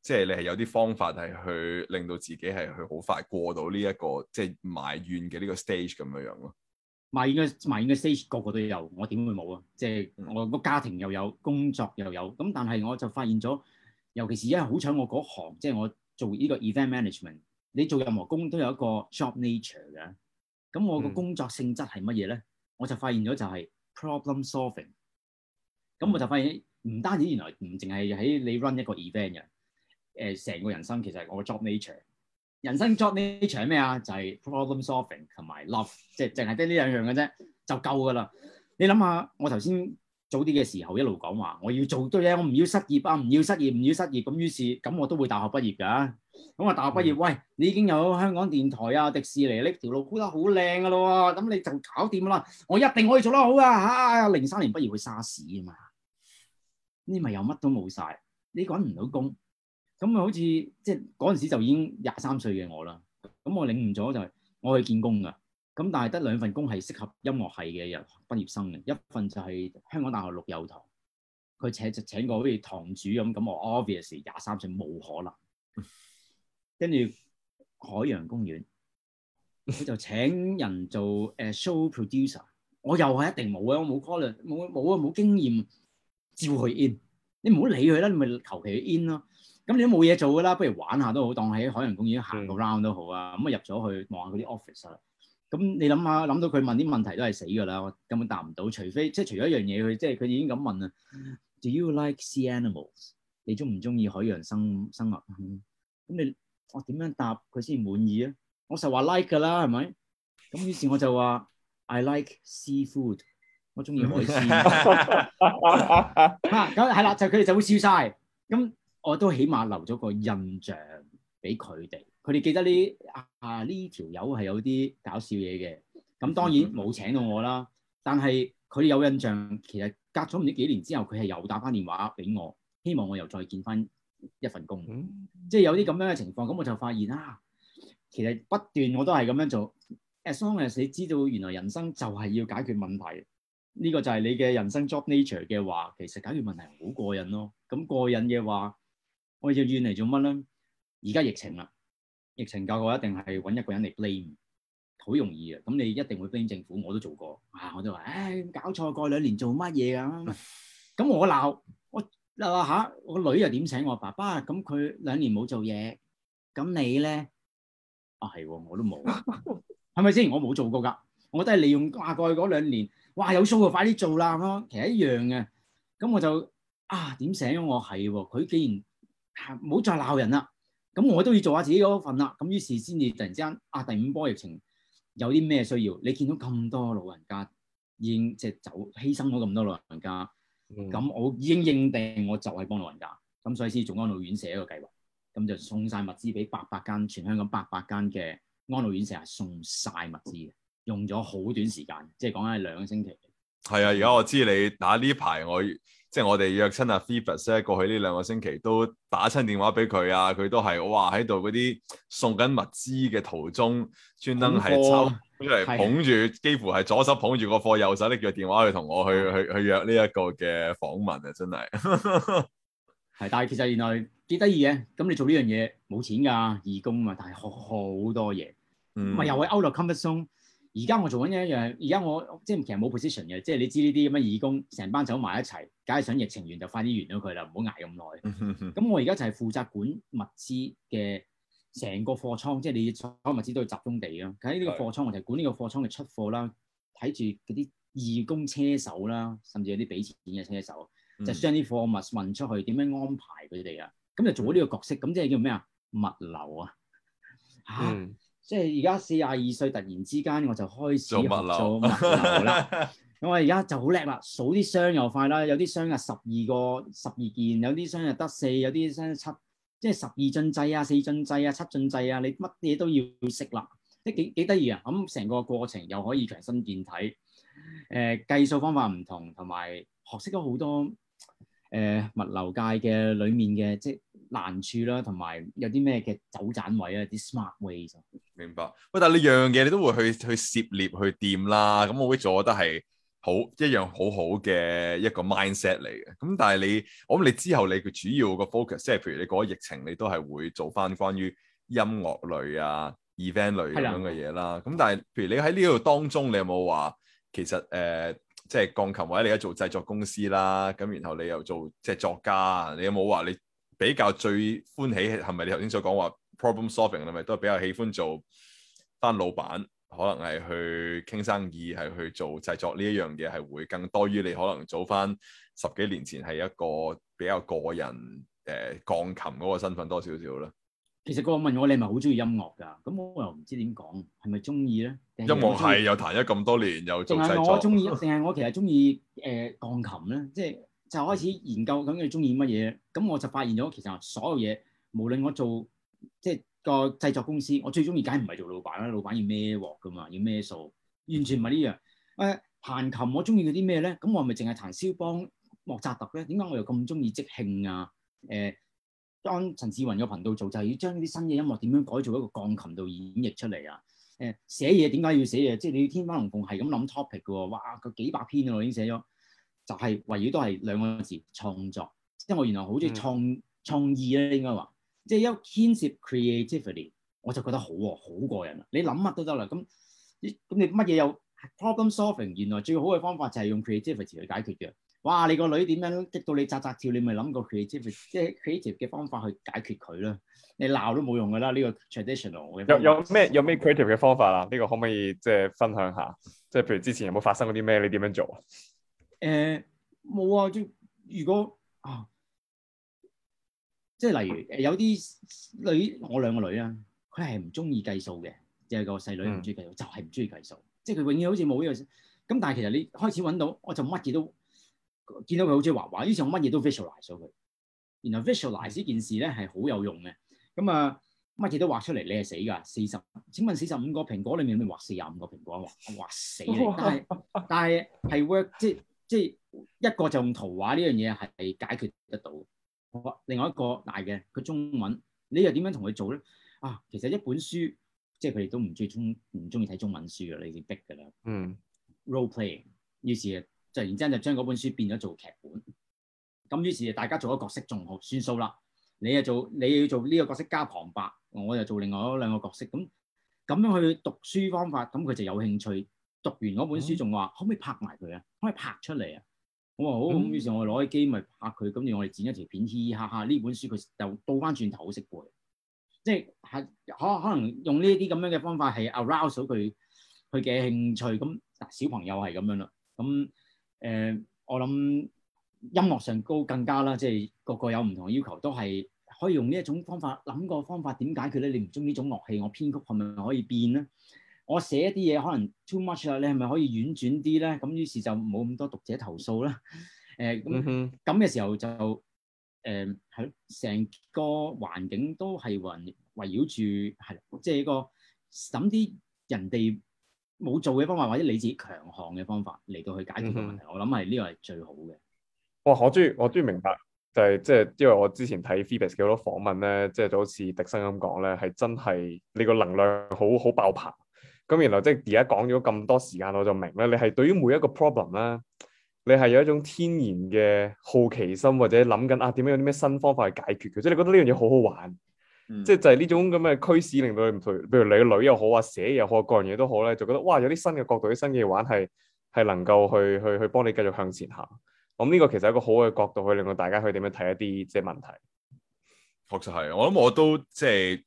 即係你係有啲方法係去令到自己係去好快過到呢、這、一個即係埋怨嘅呢個 stage 咁樣樣咯。埋怨嘅埋怨嘅 stage 個個都有，我點會冇啊？即係我個家庭又有，工作又有，咁但係我就發現咗，尤其是而家，好彩我嗰行即係我做呢個 event management，你做任何工都有一個 job nature 嘅。咁我個工作性質係乜嘢咧？嗯、我就發現咗就係 problem solving。咁我就發現唔單止原來唔淨係喺你 run 一個 event 嘅、呃，誒成個人生其實係我 job nature。人生 job nature 係咩啊？就係 problem solving 同埋 love，即係淨係得呢兩樣嘅啫，就夠噶啦。你諗下，我頭先早啲嘅時候一路講話，我要做對嘢，我唔要失業啊，唔要失業，唔要失業。咁於是咁我都會大學畢業噶。咁啊大學畢業，喂，你已經有香港電台啊、迪士尼啊呢條路鋪得好靚噶咯喎，咁你就搞掂啦。我一定可以做得好噶嚇。零三年畢業去沙士啊嘛，呢咪又乜都冇曬，你揾唔到工。咁啊，好似即係嗰陣時就已經廿三歲嘅我啦。咁我領悟咗就係我去見工㗎。咁但係得兩份工係適合音樂系嘅人畢業生嘅，一份就係香港大學陸佑堂，佢請就請個好似堂主咁。咁我 obviously 廿三歲冇可能。跟住海洋公園，佢就請人做誒 show producer，我又係一定冇啊！我冇 call 冇冇啊，冇經驗，照佢 in 你。你唔好理佢啦，你咪求其 in 咯。咁你都冇嘢做噶啦，不如玩下都好，當喺海洋公園行個 round 都好啊。咁啊入咗去望下嗰啲 office 啦。咁你諗下，諗到佢問啲問題都係死㗎啦，我根本答唔到，除非即係除咗一樣嘢，佢即係佢已經咁問啦，Do you like sea animals？你中唔中意海洋生生物？咁你我點樣答佢先滿意啊？我就話 like 㗎啦，係咪？咁於是我就話：I like seafood，我中意海鮮。啊，咁係啦，就佢哋就會笑晒。咁我都起碼留咗個印象俾佢哋，佢哋記得呢啊呢條友係有啲搞笑嘢嘅。咁當然冇請到我啦，但係佢有印象。其實隔咗唔知幾年之後，佢係又打翻電話俾我，希望我又再見翻一份工。嗯、即係有啲咁樣嘅情況，咁我就發現啊，其實不斷我都係咁樣做。As long as 你知道原來人生就係要解決問題，呢、呢個就係你嘅人生 job nature 嘅話，其實解決問題好過癮咯。咁過癮嘅話，我就怨嚟做乜咧？而家疫情啦，疫情教我一定係揾一個人嚟 blame，好容易嘅。咁你一定會 blame 政府，我都做過啊，我都話誒搞錯過兩年做乜嘢咁。咁我鬧我嗱吓，我女又點醒我爸爸？咁佢兩年冇做嘢，咁你咧啊係我都冇，係咪先？我冇做過噶，我都係利用啊過去嗰兩年哇有 show 啊，快啲做啦咁樣。其實一樣嘅，咁我就啊點醒我係喎？佢既然唔好再鬧人啦，咁我都要做下自己嗰份啦。咁於是先至突然之間，啊，第五波疫情有啲咩需要？你見到咁多老人家已經即係走犧牲咗咁多老人家，咁我已經認定我就係幫老人家。咁、嗯、所以先做安老院舍一個計劃，咁就送晒物資俾八百間，全香港八百間嘅安老院舍，送晒物資，用咗好短時間，即係講緊係兩個星期。係啊，而家我知你打呢排我。即係我哋約親阿 Phoebus 咧，過去呢兩個星期都打親電話俾佢啊，佢都係哇喺度嗰啲送緊物資嘅途中，專登係抽，即係捧住，的幾乎係左手捧住個貨，右手拎住電話去同我去的去去約呢一個嘅訪問啊，真係係， 但係其實原來幾得意嘅，咁你做呢樣嘢冇錢㗎，義工啊，但係學好多嘢，唔係、嗯、又係 out of comfort zone。而家我做緊一樣，而家我即係其實冇 position 嘅，即係你知呢啲咁嘅義工成班走埋一齊，梗係想疫情完就快啲完咗佢啦，唔好挨咁耐。咁 我而家就係負責管物資嘅成個貨倉，即係你要所有物資都要集中地咯。喺呢個貨倉我就管呢個貨倉嘅出貨啦，睇住嗰啲義工車手啦，甚至有啲俾錢嘅車手，嗯、就將啲貨物運出去，點樣安排佢哋啊？咁就做呢個角色，咁即係叫咩啊？物流 啊？嚇、嗯！即係而家四十二歲，突然之間我就開始做物流，學做物流啦。咁我而家就好叻啦，數啲箱又快啦，有啲箱啊十二個、十二件，有啲箱又得四，有啲箱七，即係十二進制啊、四進制啊、七進制啊，你乜嘢都要識啦。即係幾幾得意啊！咁成個過程又可以強身健體。誒、呃，計數方法唔同，同埋學識咗好多誒、呃、物流界嘅裡面嘅即難處啦，同埋有啲咩嘅走盞位啊，啲 smart ways 啊，明白喂，但係你樣樣嘢你都會去去涉獵去掂啦。咁我會做覺得係好一樣好好嘅一個 mindset 嚟嘅。咁但係你我諗你之後你嘅主要個 focus 即係譬如你講疫情，你都係會做翻關於音樂類啊 event 類咁樣嘅嘢啦。咁的但係譬如你喺呢度當中，你有冇話其實誒即係鋼琴或者你而家做製作公司啦，咁然後你又做即係作家，你有冇話你？比較最歡喜係咪你頭先所講話 problem solving 係咪都係比較喜歡做翻老闆，可能係去傾生意，係去做製作呢一樣嘢係會更多於你可能早翻十幾年前係一個比較個人誒、呃、鋼琴嗰個身份多少少咧。其實個問我你係咪好中意音樂㗎？咁我又唔知點講，係咪中意咧？音樂係又彈咗咁多年，又做製作。我中意，仲係我其實中意誒鋼琴咧，即係。就開始研究緊你中意乜嘢，咁我就發現咗其實所有嘢，無論我做即係個製作公司，我最中意梗係唔係做老闆啦？老闆要孭鑊噶嘛，要孭數，完全唔係呢樣。誒、哎，彈琴我中意嗰啲咩咧？咁我係咪淨係彈肖邦、莫扎特咧？點解我又咁中意即興啊？誒、欸，當陳志雲個頻道做就係、是、要將啲新嘅音樂點樣改造一個鋼琴度演繹出嚟啊？誒、欸，寫嘢點解要寫嘢？即係你要天花龍鳳係咁諗 topic 嘅喎，哇，個幾百篇啊，我已經寫咗。就係圍繞都係兩個字創作，即係我原來好中意創、嗯、創意咧，應該話，即係一牽涉 creativity，我就覺得好、啊、好過癮啊！你諗乜都得啦，咁咁你乜嘢有 problem solving，原來最好嘅方法就係用 creativity 去解決嘅。哇！你個女點樣激到你扎扎跳，你咪諗個 creative，即係 creative 嘅方法去解決佢啦。你鬧都冇用噶啦，呢、呢個 traditional 有有咩有咩 creative 嘅方法啊？呢、呢個可唔可以即係分享下？即係譬如之前有冇發生過啲咩？你點樣做啊？誒冇、呃、啊，啊！即如果啊、嗯，即係例如誒，有啲女我兩個女啊，佢係唔中意計數嘅，即係個細女唔中意計數，就係唔中意計數。即係佢永遠好似冇呢個。咁但係其實你開始揾到，我就乜嘢都見到佢好似畫畫。於是我乜嘢都 visualize 咗佢，然後 visualize 呢件事咧係好有用嘅。咁啊，乜嘢都畫出嚟，你係死㗎。四十？請問四十五個蘋果裏面，有冇畫四廿五個蘋果？畫死你！但係 但係係 work 即即係一個就用圖畫呢樣嘢係解決得到，另外一個大嘅佢中文，你又點樣同佢做咧？啊，其實一本書即係佢哋都唔中意中唔中意睇中文書㗎，你已經逼㗎啦。嗯，role play，於是就然之間就將嗰本書變咗做劇本，咁於是大家做咗角色，仲學算數啦。你又做你要做呢個角色加旁白，我又做另外嗰兩個角色，咁咁樣去讀書方法，咁佢就有興趣。讀完嗰本書仲話、嗯、可唔可以拍埋佢啊？可唔可以拍出嚟啊？我話好，好嗯、於是我就攞起機咪拍佢，跟住我哋剪一條片嘻嘻哈哈。呢本書佢又倒翻轉頭食攰，即係可可能用呢啲咁樣嘅方法係 arouse 到佢佢嘅興趣。咁嗱小朋友係咁樣啦。咁誒、呃，我諗音樂上高更加啦，即係個個有唔同要求，都係可以用呢一種方法諗個方法點解決咧？你唔中意呢種樂器，我編曲係咪可以變咧？我寫一啲嘢可能 too much 啦，你係咪可以婉轉啲咧？咁於是就冇咁多讀者投訴啦。誒咁咁嘅時候就誒係咯，成、呃、個環境都係圍圍繞住係即係個揼啲人哋冇做嘅方法，或者你自己強項嘅方法嚟到去解決問題。Mm hmm. 我諗係呢個係最好嘅。哇！我中意我中意，明白就係即係因為我之前睇 Phoebus 嘅好多訪問咧，即係就好、是、似迪生咁講咧，係真係你個能量好好爆棚。咁原來即係而家講咗咁多時間，我就明啦。你係對於每一個 problem 咧，你係有一種天然嘅好奇心，或者諗緊啊點樣有啲咩新方法去解決佢，即係你覺得呢樣嘢好好玩，嗯、即係就係呢種咁嘅驅使，使，使，令到你譬如譬如你個女又好啊，寫又好各樣嘢都好咧，就覺得哇有啲新嘅角度，啲新嘅玩係係能夠去去去幫你繼續向前行。咁、嗯、呢、呢個其實係一個好嘅角度去令到大家去點樣睇一啲即係問題。確實係，我諗我都即係。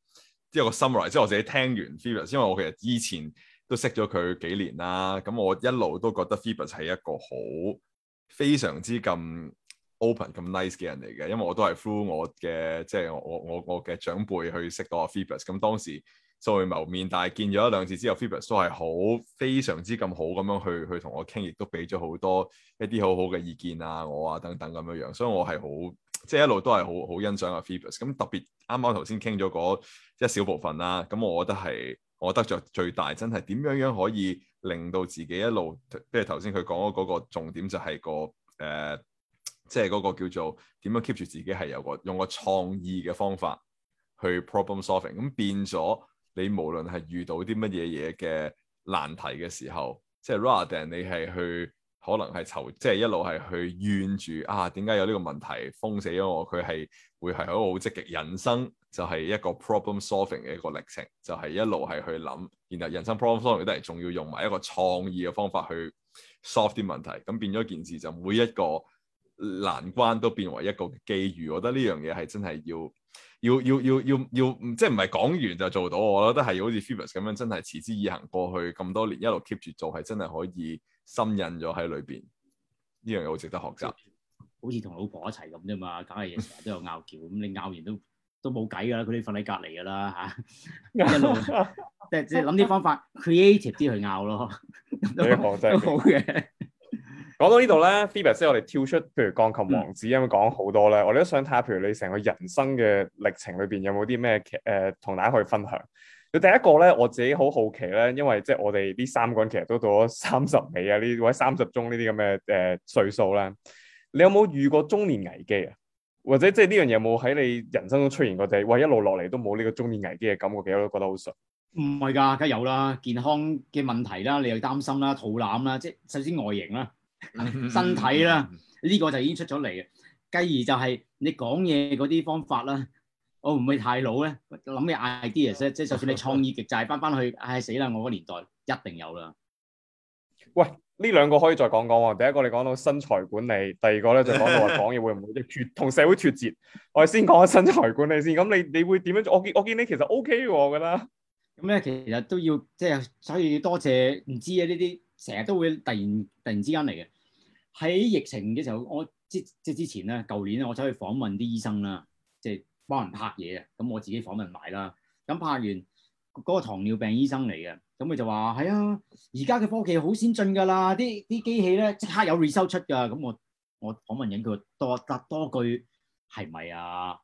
即係我心 u m m 即係我自己聽完 Phoebus，因為我其實以前都識咗佢幾年啦。咁我一路都覺得 Phoebus 係一個好非常之咁 open、咁 nice 嘅人嚟嘅。因為我都係 through 我嘅即係我我我嘅長輩去識到阿 Phoebus 咁當時再遇謀面，但係見咗一兩次之後 Phoebus 都係好非常之咁好咁樣去去同我傾，亦都俾咗好多一啲好好嘅意見啊，我啊等等咁樣樣。所以我係好。即係一路都係好好欣賞阿 Phoebus，咁特別啱啱頭先傾咗嗰一小部分啦。咁我覺得係我覺得著最大真係點樣樣可以令到自己一路，即係頭先佢講嗰個重點就係、嗰個誒，即係嗰個叫做點樣 keep 住自己係有個用個創意嘅方法去 problem solving。咁變咗你無論係遇到啲乜嘢嘢嘅難題嘅時候，即係 rather than 你係去。可能係愁，即、就、係、是、一路係去怨住啊，點解有呢個問題封死咗我？佢係會係喺度好積極，人生就係一個 problem solving 嘅一個歷程，就係、是、一路係去諗。然後人生 problem solving 都係仲要用埋一個創意嘅方法去 solve 啲問題。咁變咗件事，就每一個難關都變為一個機遇。我覺得呢樣嘢係真係要要要要要要，即係唔係講完就做到。我覺得係好似 Phoebus 咁樣，真係持之以恒。過去咁多年，一路 keep 住做，係真係可以。深印咗喺裏邊，呢樣嘢好值得學習。好似同老婆一齊咁啫嘛，梗係嘢成日都有拗撬，咁 你拗完都都冇計噶啦，佢哋瞓喺隔籬噶啦吓。一路即係諗啲方法 ，creative 啲去拗咯。你學真係好嘅。講到呢度咧，Phoebus，我哋跳出，譬如鋼琴王子咁樣講好多咧。我哋都想睇下，譬如你成個人生嘅歷程裏邊，有冇啲咩劇誒，同大家可以分享。佢第一個咧，我自己好好奇咧，因為即係我哋呢三個人其實都到咗三十尾啊，這這呃、或者三十中呢啲咁嘅誒歲數啦，你有冇遇過中年危機啊？或者即係呢樣嘢有冇喺你人生中出現過？就係喂一路落嚟都冇呢個中年危機嘅感覺嘅，其實我都覺得好順唔係㗎，梗有啦，健康嘅問題啦，你又擔心啦，肚腩啦，即係首先外形啦， 身體啦，呢、這個就已經出咗嚟。繼而就係你講嘢嗰啲方法啦。我唔、oh, 會太老咧，諗你 idea 即即，就算你創意極就係翻翻去，唉、哎、死啦！我個年代一定有啦。喂，呢兩個可以再講講喎。第一個你講到身材管理，第二個咧就講到話講嘢會唔會脫同社會脫節。 我哋先講下身材管理先。咁你你會點樣做？我見我見你其實 OK 喎，我覺得。咁咧，其實都要即係、就是，所以多謝唔知啊呢啲，成日都會突然突然之間嚟嘅。喺疫情嘅時候，我即即之前咧，舊年咧，我走去訪問啲醫生啦，即係。幫人拍嘢啊！咁我自己訪問埋啦。咁拍完嗰、那個糖尿病醫生嚟嘅，咁佢就話：係、哎、啊，而家嘅科技好先進㗎啦，啲啲機器咧即刻有 result 出㗎。咁我我訪問緊佢多答多，多句係咪啊？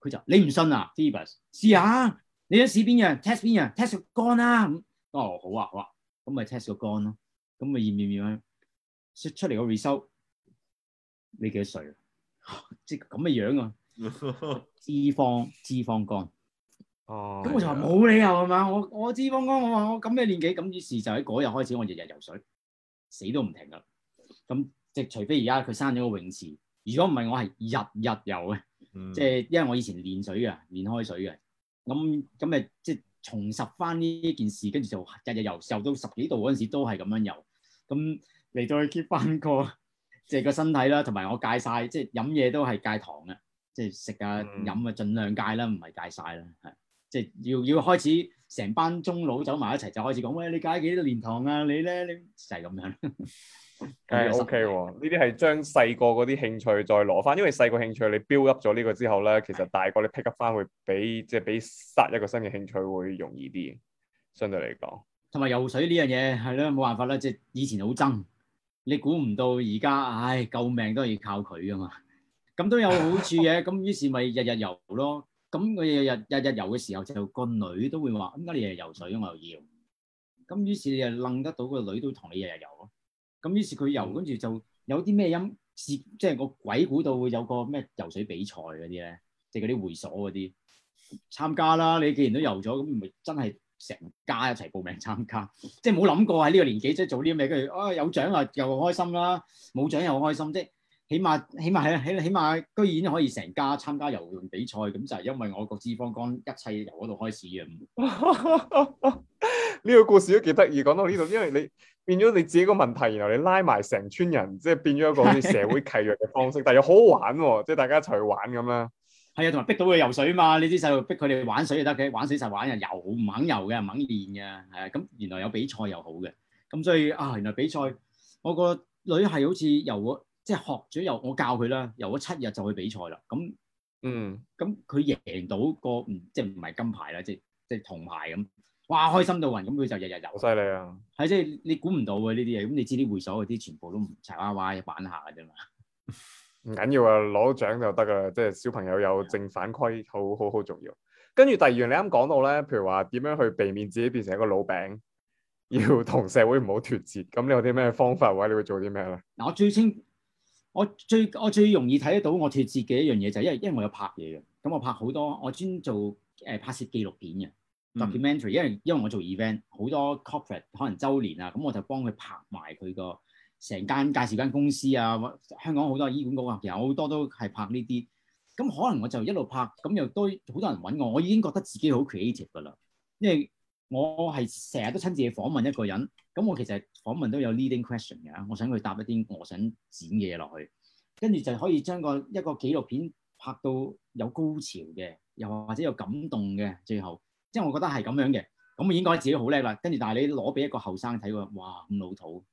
佢就你唔信啊，t h e b sPhoebus 試下，你想試邊樣 test 邊樣 test 個肝啦咁。哦，好啊好啊，咁咪 test 個肝咯。咁咪驗驗驗，出嚟個 result。你幾多歲啊？即係咁嘅樣啊！脂肪脂肪肝哦，咁我就話冇理由係嘛，我我脂肪肝，我話我咁嘅年紀，咁於是就喺嗰日開始，我日日游水，死都唔停啦。咁即係除非而家佢生咗個泳池，如果唔係我係日日游嘅，即係因為我以前練水啊，練開水嘅，咁咁誒即係重拾翻呢件事，跟住就日日游，游到十幾度嗰陣時都係咁樣游。咁嚟再 keep 翻個即係個身體啦，同埋我戒晒，即係飲嘢都係戒糖啊。即係食啊飲啊，盡量戒啦，唔係戒晒啦，係即係要要開始成班中佬走埋一齊，就開始講喂，你戒咗幾多年糖啊你咧，你，呢你就係、是、咁樣。係、 嗯嗯、OK 喎，呢啲係將細個嗰啲興趣再攞翻，因為細個興趣你 build up 咗呢個之後咧，其實大個你 pick up 翻去俾即係俾塞一個新嘅興趣會容易啲，相對嚟講。同埋游水呢樣嘢係咯，冇辦法啦，即係以前好憎，你估唔到而家唉，救命都要靠佢噶嘛。咁都有好處嘅，咁於是咪日日游咯。咁佢日日日日遊嘅時候，就個女都會話：咁解你日日游水，我又要。咁於是你又諗得到個女都同你日日游咯。咁於是佢游，跟住就有啲咩音節，即係個鬼估到會有個咩游水比賽嗰啲咧，即係嗰啲會所嗰啲參加啦。你既然都游咗，咁咪真係成家一齊報名參加。即係冇諗過喺呢個年紀即係做啲咩，跟住啊有獎啊又開心啦，冇獎又開心啫。起碼起碼起起碼居然可以成家參加游泳比賽，咁就係因為我個脂肪肝，一切由嗰度開始嘅。呢 個故事都幾得意，講到呢度，因為你變咗你自己個問題，然後你拉埋成村人，即係變咗一個社會契約嘅方式，但係又好玩喎、啊，即係大家一齊去玩咁樣。係啊，同埋逼到佢游水嘛，你啲細路逼佢哋玩水就得嘅，玩死晒玩又遊，唔肯游嘅，唔肯練嘅，係啊。咁、嗯、原來有比賽又好嘅，咁所以啊，原來比賽我個女係好似遊即係學咗又我教佢啦，游咗七日就去比賽啦。咁嗯，咁佢贏到個嗯，即係唔係金牌啦，即係即係銅牌咁。哇，開心到暈！咁佢就日日游。好犀利啊！係即係你估唔到啊呢啲嘢。咁你知啲會所嗰啲全部都唔柴娃娃玩下嘅啫嘛，唔緊要啊，攞獎就得噶啦。即係小朋友有正反饋，好好好好重要。跟住第二樣，你啱講到咧，譬如話點樣去避免自己變成一個老餅，要同社會唔好脫節。咁你有啲咩方法或者你會做啲咩咧？嗱，我最清。我最我最容易睇得到我脫節嘅一樣嘢就係因為因為我有拍嘢嘅，咁我拍好多，我專做誒、呃、拍攝紀錄片嘅 documentary 因為因為我做 event 好多 corporate 可能周年啊，咁我就幫佢拍埋佢個成間介紹間公司啊，香港好多醫館嗰個啊，有好多都係拍呢啲，咁可能我就一路拍，咁又都好多人搵我，我已經覺得自己好 creative 㗎喇，因為。我係成日都親自去訪問一個人，咁我其實訪問都有 leading question 嘅，我想佢答一啲我想剪嘅嘢落去，跟住就可以將個一個紀錄片拍到有高潮嘅，又或者有感動嘅，最後即係我覺得係咁樣嘅，咁我已經覺得自己好叻啦。跟住但係你攞俾一個後生睇喎，哇咁老土，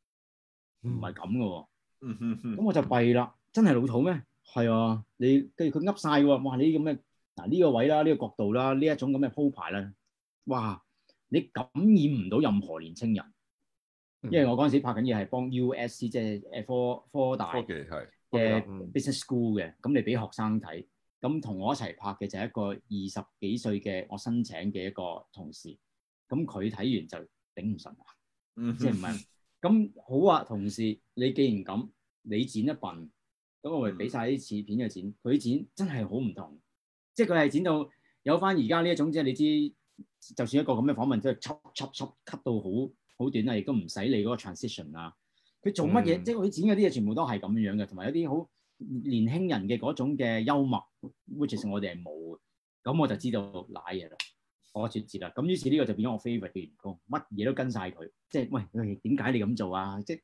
唔係咁嘅喎，咁、嗯嗯嗯嗯、我就弊啦，真係老土咩？係啊，你跟住佢噏晒喎，哇！你咁嘅，嗱呢個位啦，呢、呢個角度啦，呢一種咁嘅鋪排啦，哇！你感染唔到任何年青人，因為我嗰陣時拍緊嘢係幫 USC，即係誒科科大科技系嘅、uh, business school 嘅，咁你俾學生睇，咁同我一齊拍嘅就係一個二十幾歲嘅我申請嘅一個同事，咁佢睇完就頂唔順啦，嗯，即係唔係？咁好啊，同事，你既然咁，你剪一份，咁我咪俾晒啲次片嘅剪，佢剪真係好唔同，即係佢係剪到有翻而家呢一種即係你知。就算一個咁嘅訪問，嗯、即係 cut 到好好短啊，亦都唔使你嗰個 transition 啊。佢做乜嘢？即係佢剪嗰啲嘢，全部都係咁樣嘅。同埋有啲好年輕人嘅嗰種嘅幽默、嗯、which is, 我哋係冇嘅。咁我就知道賴嘢啦，我脫節啦。咁於是呢個就變咗我 favorite 嘅員工，乜嘢都跟晒佢。即係喂，點解你咁做啊？即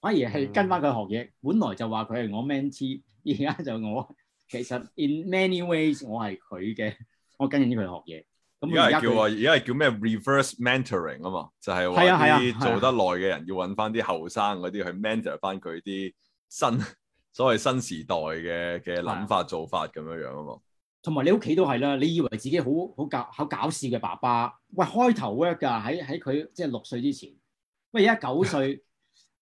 反而係跟翻佢學嘢。嗯、本來就話佢係我 mentee，而家就我其實 in many ways 我係佢嘅，我跟住佢學嘢。而家係叫啊，而家係叫咩？Reverse mentoring 啊嘛，就係話啲做得耐嘅人要揾翻啲後生嗰啲去 mentor 翻佢，啲新所謂新時代嘅嘅諗法做法咁的樣樣啊嘛。同埋你屋企都係啦，你以為自己好好搞好搞事嘅爸爸，喂開頭 work 噶，喺喺佢即係六歲之前，喂而家九歲，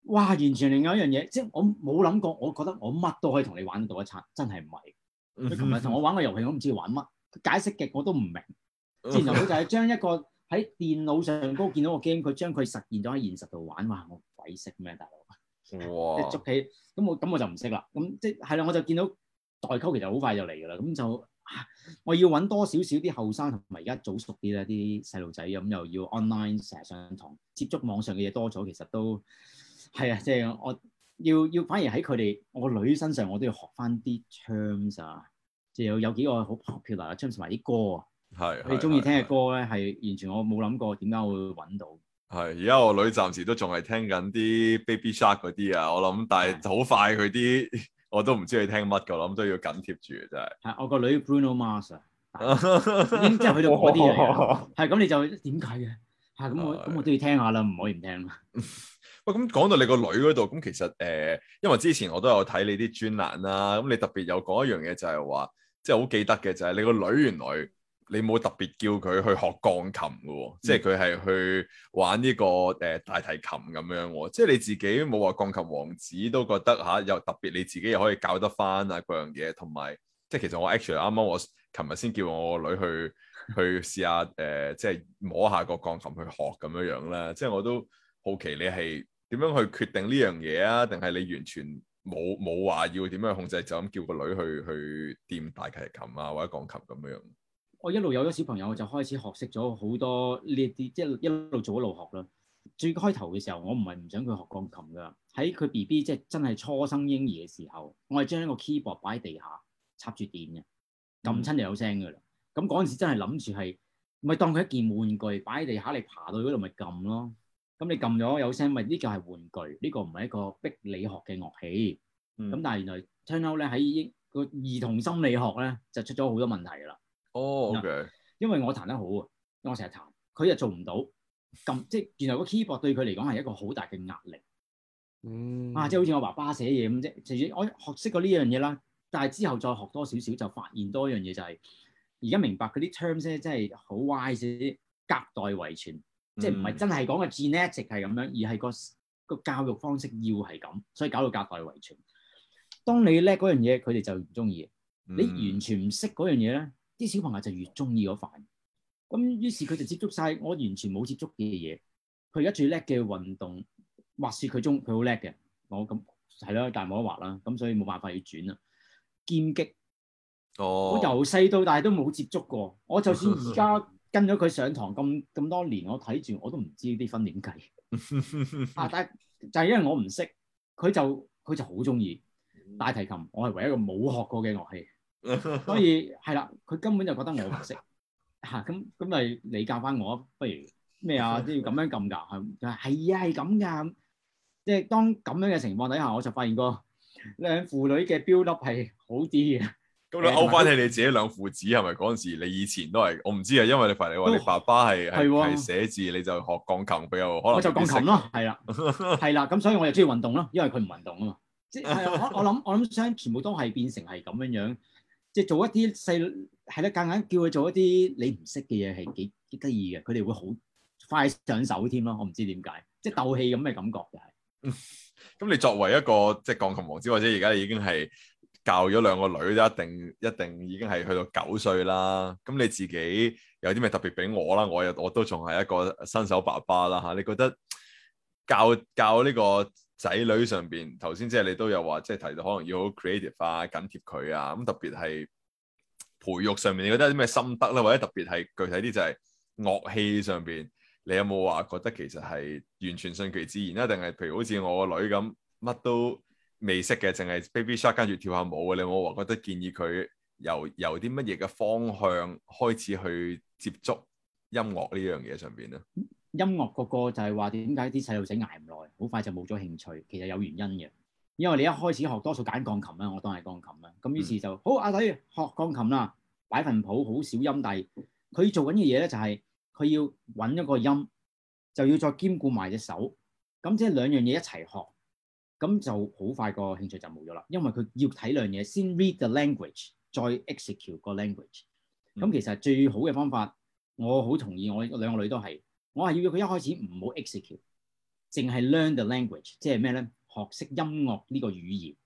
哇完全另外一樣嘢，即係我冇諗過，我覺得我乜都可以同你玩到一餐，真係唔係。佢琴日同我玩個遊戲，我唔知玩乜，解釋極我都唔明。之前佢就係將一個喺電腦上高見到個 game，佢將佢實現咗喺現實度玩。哇！我鬼識咩大佬，哇即係捉棋咁，我咁我就唔識啦。咁即係啦，我就見到代溝其實好快就嚟㗎啦。咁就、啊、我要揾多少少啲後生同埋而家早熟啲咧啲細路仔咁，又要 online 成日上堂接觸網上嘅嘢多咗，其實都係啊，即係、就是、我要要反而喺佢哋我女身上，我都要學翻啲 terms 啊，即係有有幾個好 popular terms 同埋啲歌啊。係你中意聽嘅歌咧，係完全我冇諗過點解會搵到。係而家我女暫時都仲係聽緊啲 Baby Shark 嗰啲啊，我諗但係好快佢啲是 我都唔知佢聽乜噶，我諗都要緊貼住真係。係、就是、我個女 Bruno Mars 啊，真係 去到嗰啲嘢。係咁 你就點解嘅？係咁我咁是我都要聽下啦，唔可以唔聽。喂，咁講到你個女嗰度，咁其實誒，因為之前我都有睇你啲專欄啦，咁你特別有講一樣嘢就係話，即係好記得嘅就係、是、你個女原來。你冇特別叫佢去學鋼琴嘅喎，哦，嗯、即係佢係去玩呢、這個誒、呃、大提琴咁樣喎，哦。即係你自己冇話鋼琴王子都覺得嚇，又特別你自己又可以搞得返啊嗰樣嘢，同埋即係其實我 actually 啱啱我琴日先叫我個女去去試下誒，即係摸下個鋼琴去學咁樣樣啦。即係我都好奇你係點樣去決定呢樣嘢啊？定係你完全冇冇話要點樣控制，就咁叫個女去去掂大提琴啊或者鋼琴咁樣？我一路有咗小朋友，我就開始學識咗好多呢啲，即係一路做一路學啦。最開頭嘅時候，我唔係唔想佢學鋼琴㗎。喺佢 B B 即係真係初生嬰兒嘅時候，我係將一個 keyboard 擺喺地下，插住電嘅，撳親就有聲㗎啦。咁嗰陣時真係諗住係咪當佢一件玩具擺喺地下，你爬到嗰度，咪撳咯。咁你撳咗有聲，咪呢個係玩具，呢個唔係一個逼你學嘅樂器。咁但係原來 turn out 咧，喺個兒童心理學咧就出咗好多問題啦。哦、oh,，OK，因為我彈得好啊，我成日彈，佢又做唔到咁，即係原來個 keyboard 對佢嚟講係一個好大嘅壓力。嗯，mm. 啊，即係好似我爸爸寫嘢咁啫。即係我學識過呢樣嘢啦，但係之後再學多少少就發現多一樣嘢，就係而家明白嗰啲 terms 咧，真係好 wise，隔代遺傳，mm. 即係唔係真係講嘅 genetic 係咁樣，而係個個教育方式要係咁，所以搞到隔代遺傳。當你叻嗰樣嘢，佢哋就唔中意；你完全唔識嗰樣嘢咧。Mm. 呢啲小朋友就越中意嗰塊，咁於是佢就接觸晒我完全冇接觸嘅嘢。佢而家最叻嘅運動，滑雪，佢中佢好叻嘅。我咁係咯，但係冇得滑啦，咁所以冇辦法要轉啦。劍擊，我由細到大都冇接觸過。我就算而家跟咗佢上堂咁咁多年，我睇住我都唔知啲分點計啊！但係就係因為我唔識，佢就佢就好中意大提琴。我係唯一一個冇學過嘅樂器。所以係啦，佢根本就覺得我唔識吓，咁咁咪你教翻我，不如咩啊？即要咁樣撳噶，係係係呀，係咁噶。即係、就是、當咁樣嘅情況底下，我就發現個兩父女嘅標立係好啲嘅。咁你勾翻起你自己兩父子係咪？嗰陣時你以前都係？我唔知啊，因為你凡係話你爸爸係係係寫字，你就學鋼琴比較可能。我就鋼琴咯，係啦，係啦。咁 所以我又中意運動咯，因為佢唔運動啊嘛。即係我我諗我諗想，想全部都係變成係咁樣樣。即係做一啲細路，係咯，夾硬叫佢做一啲你唔識嘅嘢係幾幾得意嘅，佢哋會好快上手添咯。我唔知點解，即係鬥氣咁嘅感覺就係、是。咁、嗯、你作為一個即係、就是、鋼琴王子，或者而家已經係教咗兩個女都一定一定已經係去到九歲啦。咁你自己有啲咩特別俾我啦？我又我都仲係一個新手爸爸啦嚇。你覺得教教呢、這個？仔女上邊，頭先即係你都有話，即係提到可能要好 creative 啊，緊貼佢啊。咁特別係培育上面，你覺得有啲咩心得咧、啊？或者特別係具體啲，就係樂器上邊，你有冇話覺得其實係完全順其自然咧、啊？定係譬如好似我個女咁，乜都未識嘅，淨係 baby shark 跟住跳下舞嘅、啊，你有冇話覺得建議佢由由啲乜嘢嘅方向開始去接觸音樂呢樣嘢上邊咧？音樂個個就係話點解啲細路仔捱唔耐，好快就冇咗興趣。其實有原因嘅，因為你一開始學多數揀鋼琴啦，我當係鋼琴啦。咁於是就、嗯、好阿仔學鋼琴啦，擺份譜好少音，但係佢做緊嘅嘢咧就係佢要揾一個音，就要再兼顧埋隻手。咁即係兩樣嘢一齊學，咁就好快個興趣就冇咗啦。因為佢要睇兩嘢先 read the language，再 execute 個 language、嗯。咁其實最好嘅方法，我好同意，我兩個女都係。我係要佢一開始唔好 execute，淨係 learn the language，即係咩咧？學識音樂呢個語言。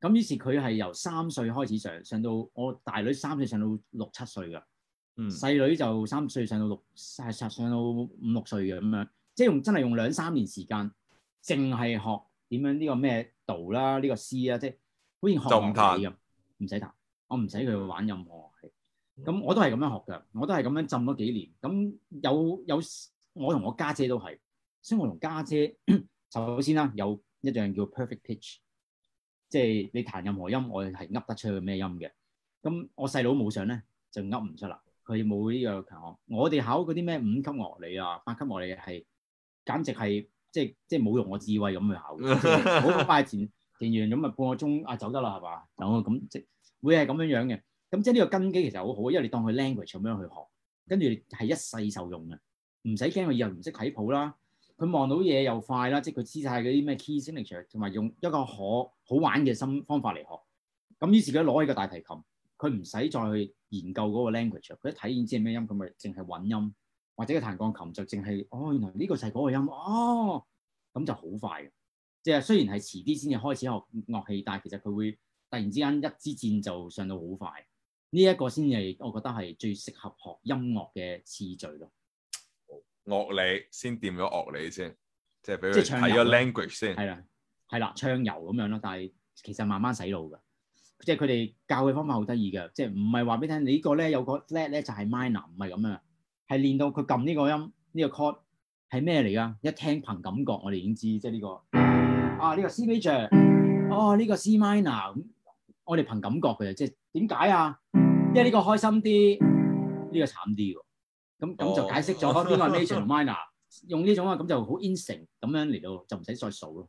咁於是佢係由三歲開始上上到我大女三歲上到六七歲噶，細、嗯、女就三歲上到六係上到五六歲咁樣，即係用真係用兩三年時間，淨係學點樣呢、這個咩度啦？呢、這個詩啊，即係好似學唔起咁，唔使彈，我唔使佢去玩任何樂器。咁、嗯、我都係咁樣學噶，我都係咁樣浸咗幾年。咁有有。有有我同我家姐，姐都係，所以我同家姐，姐首先啦，有一樣叫 perfect pitch，即係你彈任何音，我哋係噏得出佢咩音嘅。咁我細佬冇上咧，就噏唔出啦。佢冇呢個強項。我哋考嗰啲咩五級樂理啊、八級樂理係簡直係即即冇用我智慧咁去考，好快填填完咁啊，半個鐘啊走得啦，係嘛？咁咁即會係咁樣樣嘅。咁即係呢個根基其實好好，因為你當佢 language 咁樣去學，跟住係一世受用嘅。唔使驚佢又唔識睇譜啦，佢望到嘢又快啦，即係佢知晒嗰啲咩 key signature，同埋用一個可好玩嘅心方法嚟學。咁於是佢攞起個大提琴，佢唔使再去研究嗰個 language，佢一睇已知係咩音，咁咪淨係揾音或者彈鋼琴就淨係，哦，原來呢個就係嗰個音，哦，咁就好快嘅。即係雖然係遲啲先至開始學樂器，但係其實佢會突然之間一支箭就上到好快。呢一個先係我覺得係最適合學音樂嘅次序咯。樂你，先掂咗樂理先，即係俾佢唱咗 language 先，係啦，係啦，唱遊咁樣咯。但係其實慢慢洗腦噶，即係佢哋教嘅方法好得意噶，即係唔係話俾你聽，你呢個咧有個 flat 咧就係 minor，唔係咁樣，係練到佢撳呢個音呢個 chord 係咩嚟噶，一聽憑感覺，我哋已經知，即係呢個啊呢個 C major，哦呢個 C minor，咁我哋憑感覺嘅，即係點解啊？因為呢個開心啲，呢個慘啲噶。咁咁就解釋咗，邊、oh. 個 nature minor 用呢種啊？咁就好 insane 咁樣嚟到，就唔使再數咯。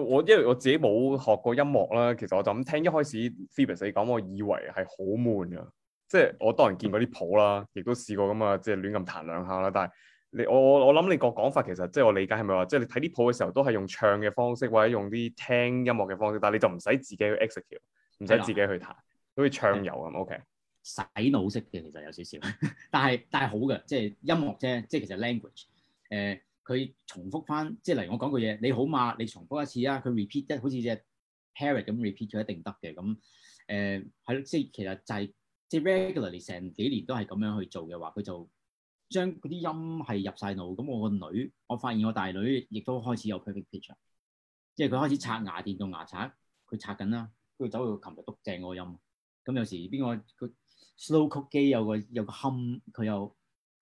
我因為我自己冇學過音樂啦，其實我就咁聽一開始 Phoebus 你講，我以為係好悶噶。即係我當然見過啲譜啦，亦都試過咁啊，即係亂咁彈兩下啦。但係你我我諗你個講法其實即係我理解係咪話，即係你睇啲譜嘅時候都係用唱嘅方式，或者用啲聽音樂嘅方式，但係你就唔使自己去 execute 唔使自己去彈，可以的唱遊咁 OK。洗腦式嘅，其實有少少，但係但係好嘅，即係音樂啫，即係其實 language，誒、呃、佢重複翻，即係嚟我講句嘢，你好嘛，你重複一次啊，佢 re repeat 得好似隻 parrot 咁 repeat，佢一定得嘅咁，誒係、呃、即係其實就係、是、即係 regular，你成幾年都係咁樣去做嘅話，佢就將嗰啲音係入晒腦。咁我個女，我發現我大女亦都開始有 perfect p i c t u r e 即係佢開始刷牙，電動牙刷，佢刷緊啦，佢走去琴日督正我音，咁有時邊個佢？slow cook 機有個有個冚，佢有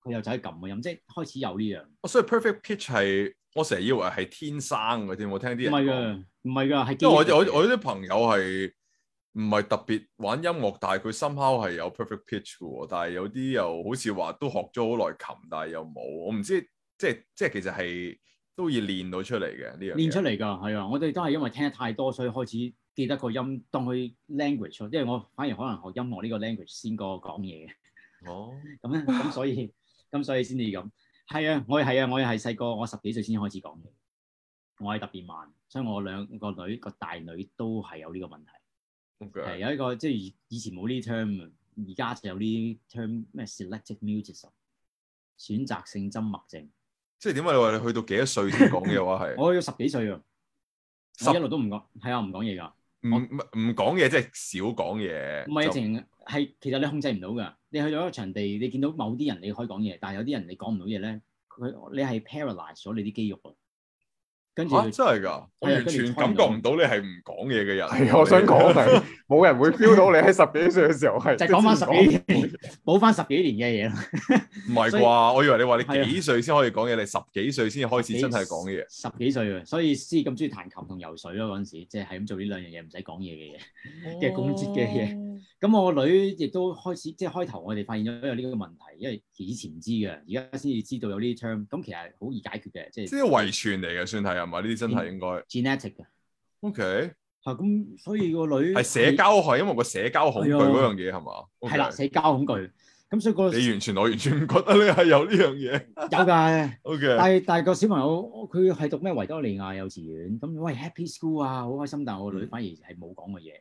佢又就可以撳個音，即係開始有呢樣。我、oh, 所以 perfect pitch 係我成日以為係天生嗰啲，我聽啲人唔係㗎，唔係㗎，係因為我我我啲朋友係唔係特別玩音樂，但係佢心口係有 perfect pitch 嘅喎。但係有啲又好似話都學咗好耐琴，但係又冇。我唔知即係即係其實係都要練到出嚟嘅呢樣練出嚟㗎，係啊！我哋都係因為聽得太多，所以開始。記得個音當佢 language，因為我反而可能學音樂呢個 language 先過講嘢。哦、oh. 咁咁所以咁所以先至咁。係啊，我又係啊，我又係細個，我十幾歲先開始講嘢。我係特別慢，所以我兩個女個大女都係有呢個問題。係 Okay. 有一個即係、就是、以前冇呢 term，而家就有呢 term 咩 selective mutism 選擇性緘默症。即係點啊？你話你去到幾多歲先講嘢話係？ 我要十幾歲十啊，我一路都唔講，係啊，唔講嘢噶。唔唔唔講嘢，即係我、就是、少講嘢。唔係啊，成係就其實你控制唔到噶。你去到一個場地，你見到某啲人，你可以講嘢，但係有啲人你講唔到嘢咧。佢你係 paralyze 咗你啲肌肉。真係噶，我完全感覺唔到你係唔講嘢嘅人。係，我想講你，冇人會 feel 到你喺十幾歲嘅時候係。就講翻十幾年，冇翻十幾年嘅嘢唔係啩？我以為你話你幾歲先可以講嘢？你十幾歲先開始真係講嘢。十幾歲啊，所以先咁中意彈琴同游水咯。嗰陣時即係係咁做呢兩樣嘢，唔使講嘢嘅嘢嘅工資嘅嘢。咁我個女亦都開始，即係開頭我哋發現咗有呢個問題，因為以前唔知嘅，而家先至知道有呢啲 term 咁其實好易解決嘅，即係即係遺傳嚟嘅，算係。同埋呢啲真係應該 genetic 嘅。O K 啊，咁所以個女係社交，係因為個社交恐懼嗰樣嘢係嘛？係啦，社交恐懼。咁所以個你完全，我完全唔覺得你係有呢樣嘢。有㗎。O K，但係但係個小朋友佢係讀咩維多利亞幼稚園？咁喂 Happy School 啊，好開心。但係我個女反而係冇講過嘢。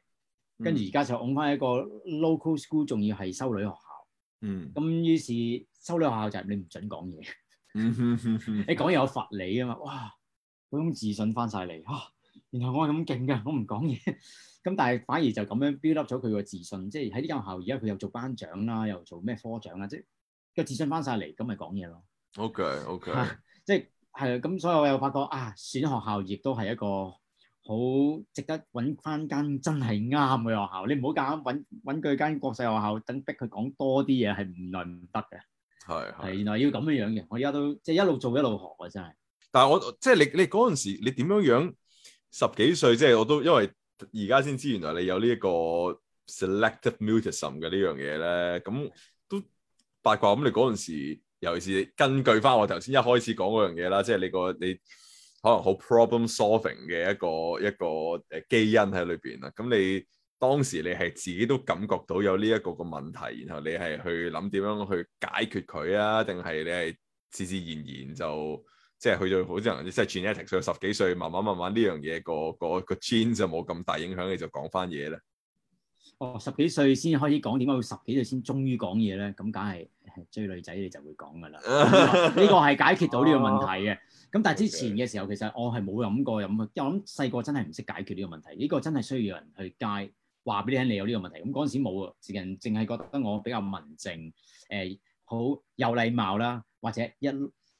跟住而家就㧬翻一個 local school，仲要係修女學校。嗯。咁於是修女學校就係你唔準講嘢。嗯哼哼哼。你講嘢又罰你啊嘛？哇！嗰種自信翻晒嚟嚇，哦，原來我係咁勁嘅。我唔講嘢，咁但係反而就咁樣 build up 咗佢個自信，即係喺呢間學校而家佢又做班長啦，又做咩科長啦，即係嘅自信翻晒嚟，咁咪講嘢咯。OK OK，啊、即係係咁，所以我又發覺啊，選學校亦都係一個好值得揾翻間真係啱嘅學校，你唔好夾硬揾揾佢間國際學校，等逼佢講多啲嘢，係唔論唔得嘅。係係，原來要咁樣樣嘅，我而家都即係一路做一路學啊，真係。但係我即係、就是、你，你嗰陣時你點樣樣？十幾歲即係我都，因為而家先知原來你有呢一個 selective mutism 嘅呢樣嘢咧。咁都八卦咁，那你嗰陣時，尤其是根據翻我頭先一開始講嗰樣嘢啦，即、就、係、是、你個你可能好 problem solving 嘅一個一個誒基因喺裏邊啦。咁你當時你係自己都感覺到有呢一個個問題，然後你係去諗點樣去解決佢啊？定係你係自自然然就？即係去到好多人，即係 transition，去到十幾歲，慢慢慢慢呢樣嘢，個個個 gene 就冇咁大影響，你就講翻嘢咧。哦，十幾歲先開始講，點解會十幾歲先終於講嘢咧？咁梗係追女仔你就會講噶啦。呢個係解決到呢個問題嘅。咁但係之前嘅時候，其實我係冇諗過有乜，因為我諗細個真係唔識解決呢個問題，呢個真係需要人去解話俾你聽，你有呢個問題。咁嗰陣時冇啊，最近淨係覺得我比較文靜，誒，好有禮貌啦，或者一，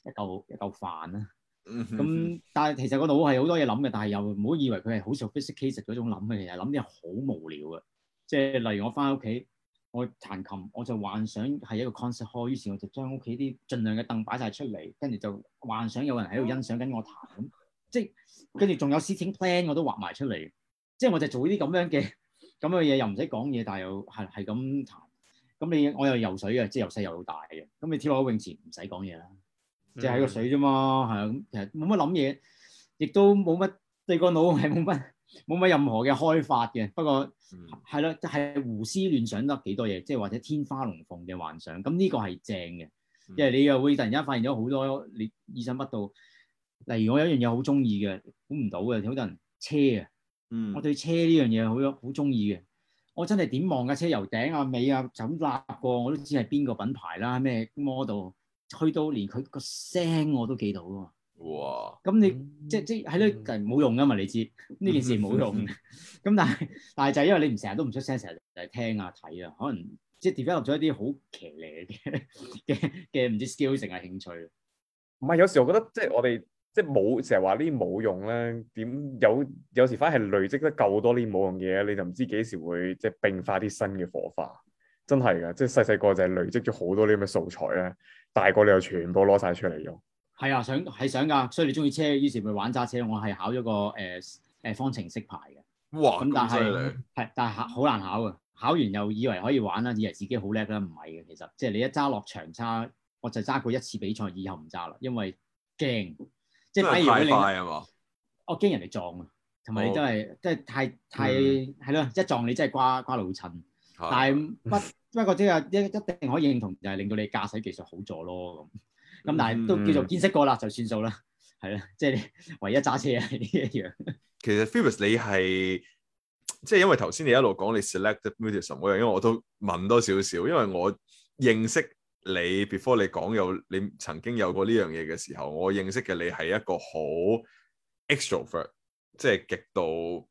一嚿一嚿飯啦、啊，咁但係其實個腦係好多嘢諗嘅，但係又唔好以為佢係好 sophisticated 嗰種諗嘅。其實諗啲嘢好無聊嘅，即係例如我翻屋企，我彈琴，我就幻想係一個 concert hall，於是我就將屋企啲盡量嘅凳擺晒出嚟，跟住就幻想有人喺度欣賞緊我彈咁。即係跟住仲有 sitting plan 我都畫埋出嚟，即係我就做呢啲咁樣嘅咁嘅嘢，又唔使講嘢，但係又係係咁彈。咁你我又游水嘅，即係由細遊到大嘅。咁你跳落泳池唔使講嘢啦。即係喺個水啫嘛，係啊，其實冇乜諗嘢，亦都冇乜對個腦係冇乜冇乜任何嘅開發嘅。不過係咯，就係、嗯、胡思亂想得幾多嘢，即係或者天花龍鳳嘅幻想。咁呢個係正嘅，即、嗯、為你又會突然間發現咗好多你意想不到。例如我有一樣嘢好中意嘅，估唔到嘅，好多人車啊，嗯，我對車呢樣嘢好咗好中意嘅。我真係點望架車由頂啊尾啊就咁擸過，我都知係邊個品牌啦咩 model。去到連佢個聲我都記到喎。哇！咁你即即喺呢嚟冇用㗎嘛？你知呢件事冇用。咁、嗯、 但係但係就係因為你唔成日都唔出聲，成日就係聽啊睇啊，可能即、就係、develop 咗一啲好騎呢嘅嘅嘅唔知 skill 定係興趣。唔係有時候我覺得即、就係、我哋即冇成日話呢冇用咧，點有有時反而係累積得夠多呢冇用嘢，你就唔知幾時會即、就係、並發啲新嘅火花。真係㗎，即細細個就係、係、累積咗好多呢咁嘅素材咧。大個你又全部攞晒出嚟用，係啊，想係想㗎，所以你中意車，於是咪玩揸車。我係考咗個誒誒、呃呃、方程式牌嘅，哇嘩！咁但係是係但係好難考啊。考完又以為可以玩啦，以為自己好叻啦，唔係嘅，其實即係你一揸落場差，我就揸過一次比賽，以後唔揸啦，因為驚，即係譬如你，太快係嘛？我驚人哋撞啊，同埋你真係真係太太係咯、嗯，一撞你真係瓜瓜老襯，但係不。的 因為個即係，一一定可以認同，就係、是、令到你駕駛技術好咗咯。咁咁，但係都叫做見識過啦、嗯，就算數啦。係啦，即係你唯一揸車係呢一樣。其實 Phoebus，你係即係因為頭先你一路講你 selective mutism 嗰樣，因為我都問多少少，因為我認識你 before 你講有你曾經有過呢樣嘢嘅時候，我認識嘅你係一個好 extrovert，即係極度。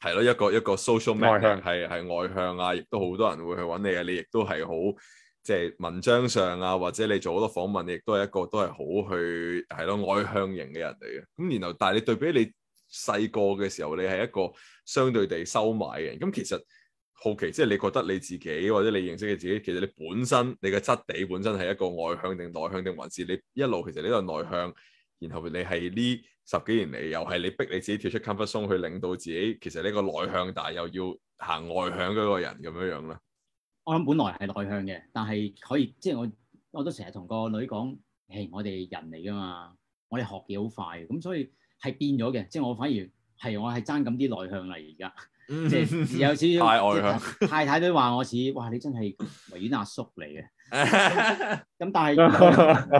係咯，一個一個 social 外向係係外向啊，亦都好多人會去揾你嘅，你亦都係好即係文章上啊，或者你做好多訪問，你亦都係一個都係好去係咯外向型嘅人嚟嘅。咁然後，但係你對比你細個嘅時候，你係一個相對地收埋嘅人。咁其實好奇，即係你覺得你自己或者你認識嘅自己，其實你本身你嘅質地本身係一個外向定內向定還是你一路其實你都係內向，然後你係呢？十幾年嚟，又係你逼你自己跳出 comfort zone 去領導自己，其實呢個內向，但係又要行外向嗰個人咁樣樣咧。我諗本來係內向嘅，但係可以即係我我都成日同個女講，誒、hey，我哋人嚟噶嘛，我哋學嘢好快，咁所以係變咗嘅。即係我反而係我係爭咁啲內向嚟。而家 即係時有少少太，太太都話我似，哇，你真係維園阿叔嚟嘅。咁 但係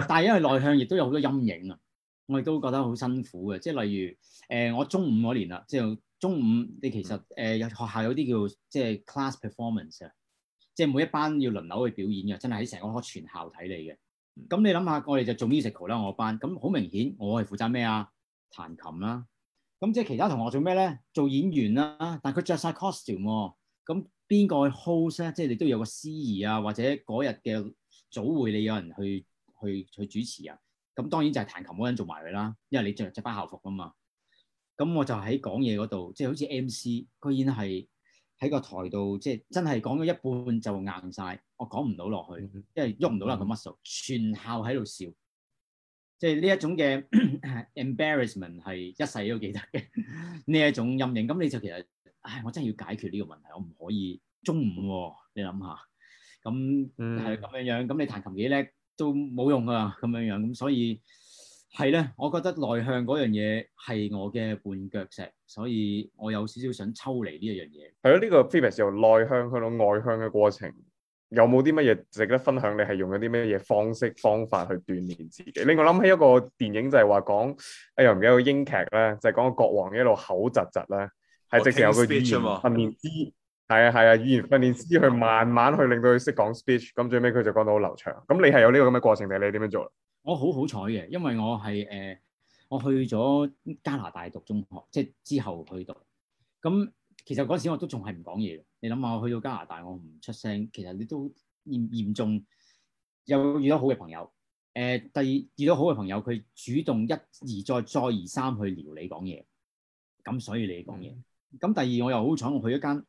但係因為內向亦都有好多陰影啊。我亦都覺得好辛苦嘅，即係例如誒，我中午中五嗰年啦，即係中五你其實誒有學校有啲叫即係 class performance 啊，即係每一班要輪流去表演嘅，真係喺成個全校睇、嗯、你嘅。咁你諗下，我哋就做 musical 啦，我班咁好明顯，我係負責咩啊？彈琴啦。咁即係其他同學做咩咧？做演員啦、啊。但係佢着晒 costume 喎，咁邊個去 host 咧？即係你都有個司儀啊，或者嗰日嘅早會你有人去去去主持啊？咁當然就係彈琴嗰人做埋佢啦，因為你着著翻校服啊嘛。咁我就喺講嘢嗰度，即係好似 M.C.，居然係喺個台度，即係真係講咗一半就硬晒。我講唔到落去，因為喐唔到啦個 muscle。嗯、全校喺度笑，即係呢一種嘅 embarrassment 係一世都記得嘅呢 一種陰影。咁你就其實，唉，我真係要解決呢個問題，我唔可以中午喎。你諗下，咁係咁樣樣。咁你彈琴幾叻？都冇用啊，咁樣樣咁，所以係咧，我覺得內向嗰樣嘢係我嘅絆腳石，所以我有少少想抽離呢一樣嘢。係咯，呢個 Phoebus 由內向去到外向嘅過程，有冇啲乜嘢值得分享？你係用咗啲乜嘢方式方法去鍛鍊自己？另外諗起一個電影就係話講，哎呀又唔記得個英劇咧，就係講個國王一路口窒窒咧，係直情有個演練。係啊係啊，語言訓練師去慢慢去令到佢識講 speech，咁最尾佢就講到好流暢。咁你係有呢個咁嘅過程定你點樣做？我好好彩嘅，因為我係誒、呃，我去咗加拿大讀中學，即係之後去讀。咁其實嗰時我都仲係唔講嘢。你諗下，我去到加拿大，我唔出聲，其實你都嚴嚴重又遇到好嘅朋友。誒、呃，第二遇到好嘅朋友，佢主動一而再，再而三去撩你講嘢。咁所以你講嘢。咁、嗯、第二我又好彩，我去一間。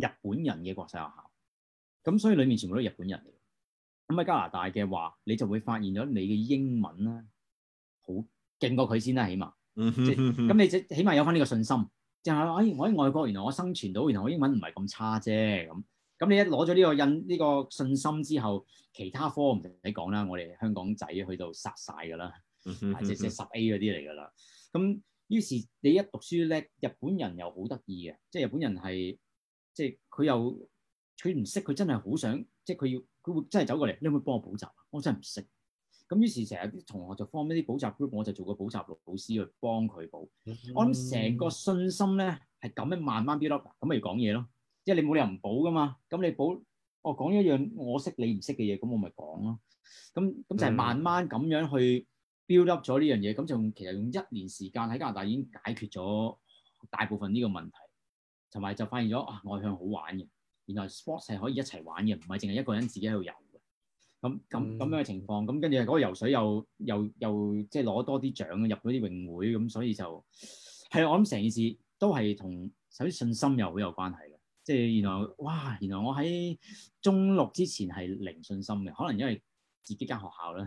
日本人嘅國際學校咁，所以裡面全部都係日本人嚟。咁喺加拿大嘅話，你就會發現咗你嘅英文咧，好勁過佢先啦。起碼咁你起起碼、 就係話、有翻呢個信心，即、就、係、係哎、我喺外國，原來我生存到，原來我英文唔係咁差啫。咁咁你一攞咗呢個印呢、呢個信心之後，其他科唔使講啦。我哋香港仔去到殺晒㗎啦，即係即係十 A 嗰啲嚟㗎啦。咁於是你一讀書叻，日本人又好得意嘅，即、就、係、係、日本人係。即係佢又佢唔識，佢真係好想，即係佢要佢會真係走過嚟，你可唔可以幫我補習啊？我真係唔識。咁於是成日啲同學就 form 啲補習 group，我就做個補習老師去幫佢補。嗯，我諗成個信心咧，係咁樣慢慢 build up，咁咪講嘢咯。即係你冇理由唔補噶嘛。咁你補，我講一樣我識你唔識嘅嘢，咁我咪講咯。咁咁就係慢慢咁樣去 build up 咗呢樣嘢。咁就其實用一年時間喺加拿大已經解決咗大部分呢個問題。同埋就發現咗啊，外向好玩嘅，原來 sports 係可以一齊玩嘅，唔係淨係一個人自己喺度遊嘅。咁咁咁樣嘅情況，咁跟住嗰個游水又又又即係攞多啲獎，入嗰啲泳會，咁所以就係我諗成件事都係同首先信心又好有關係嘅。即係原來哇，原來我喺中六之前係零信心嘅，可能因為自己間學校啦。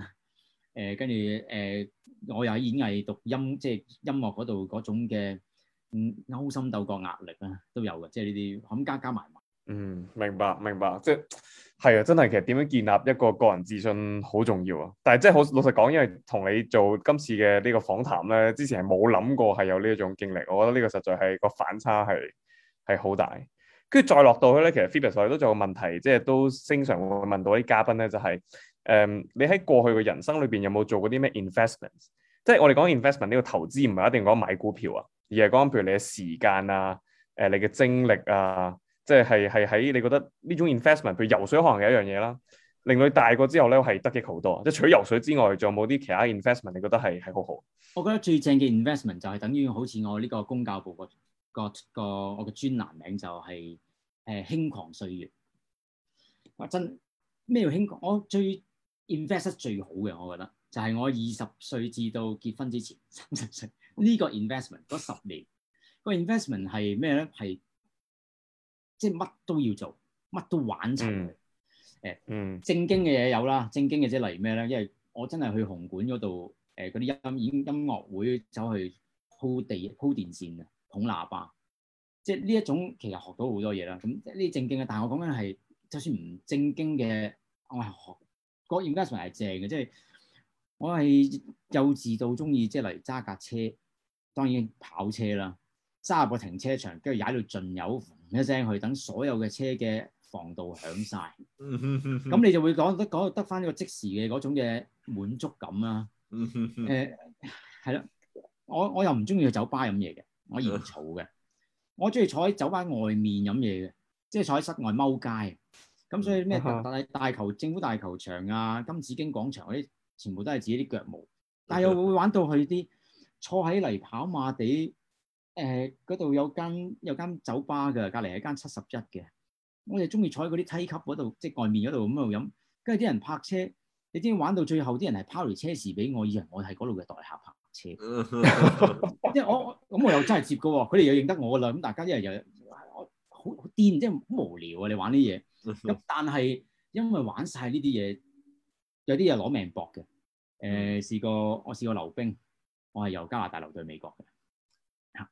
誒、呃，跟住誒，我又喺演藝讀音，即係音樂嗰度嗰種嘅。嗯，勾心鬥角壓力咧都有嘅，即係呢啲咁加加埋埋。嗯，明白明白，即係係啊，真係其實點樣建立一個個人自信好重要啊。但係即係好老實講，因為同你做今次嘅呢個訪談咧，之前係冇諗過係有呢一種經歷，我覺得呢個實在係個反差係係好大。跟住再落到去咧，其實 Phoebus 我哋都仲有個問題，即係都經常會問到啲嘉賓咧，就係、是、誒、嗯、你喺過去嘅人生裏邊有冇做過啲咩 investment？即係我哋講 investment 呢個投資唔係一定講買股票啊。而係講譬如你嘅時間啊，誒、呃、你嘅精力啊，即係係係喺你覺得呢種 investment，譬如游水可能有一樣嘢啦。令佢大個之後咧，係得益好多。即係除咗游水之外，仲有冇啲其他 investment？你覺得係係好好？我覺得最正嘅 investment 就係等於好似我呢個公教部個個我嘅專欄名就係、是、誒、欸、輕狂歲月。哇，真咩叫輕狂？我最 invest 最好嘅，我覺得就係、是、我二十歲至到結婚之前三十歲。呢個 investment 嗰十年，個 investment 係咩咧？係即係乜都要做，乜都玩齊嘅。誒、嗯，正經嘅嘢有啦，正經嘅即例如咩咧？因為我真係去紅館嗰度，誒嗰啲音演音樂會走去鋪地鋪電線啊，捧喇叭，即係呢一種其實學到好多嘢啦。咁呢啲正經嘅，但係我講緊係就算唔正經嘅，我學、個、Investment 係正嘅，即係我係幼稚到中意即係例如揸架車。當然跑車啦，揸入個停車場，跟住踩到盡油，一聲去等所有嘅車嘅防盜響晒。咁 你就會講得講得翻呢個即時嘅嗰種嘅滿足感啦、啊。誒係啦，我我又唔中意去酒吧飲嘢嘅，我嫌嘈嘅。我中意坐喺酒吧外面飲嘢嘅，即係坐喺室外踎街。咁所以咩但係大， 大球政府大球場啊、金紫荊廣場嗰啲，全部都係自己啲腳毛。但係又會玩到去啲。坐喺嚟跑馬地，誒嗰度有間有間酒吧嘅，隔離係間七十一嘅。我哋中意坐喺嗰啲梯級嗰度，即係外面嗰度咁樣飲。跟住啲人泊車，你知玩到最後啲人係拋嚟車匙俾我，以為我係嗰度嘅代客泊車。即係 我，咁我又真係接嘅喎。佢哋又認得我啦。咁大家一日又我好癲，即係好無聊啊！你玩呢啲嘢。咁 但係因為玩晒呢啲嘢，有啲嘢攞命搏嘅。誒、呃，試過我試過溜冰。我係由加拿大流到美國。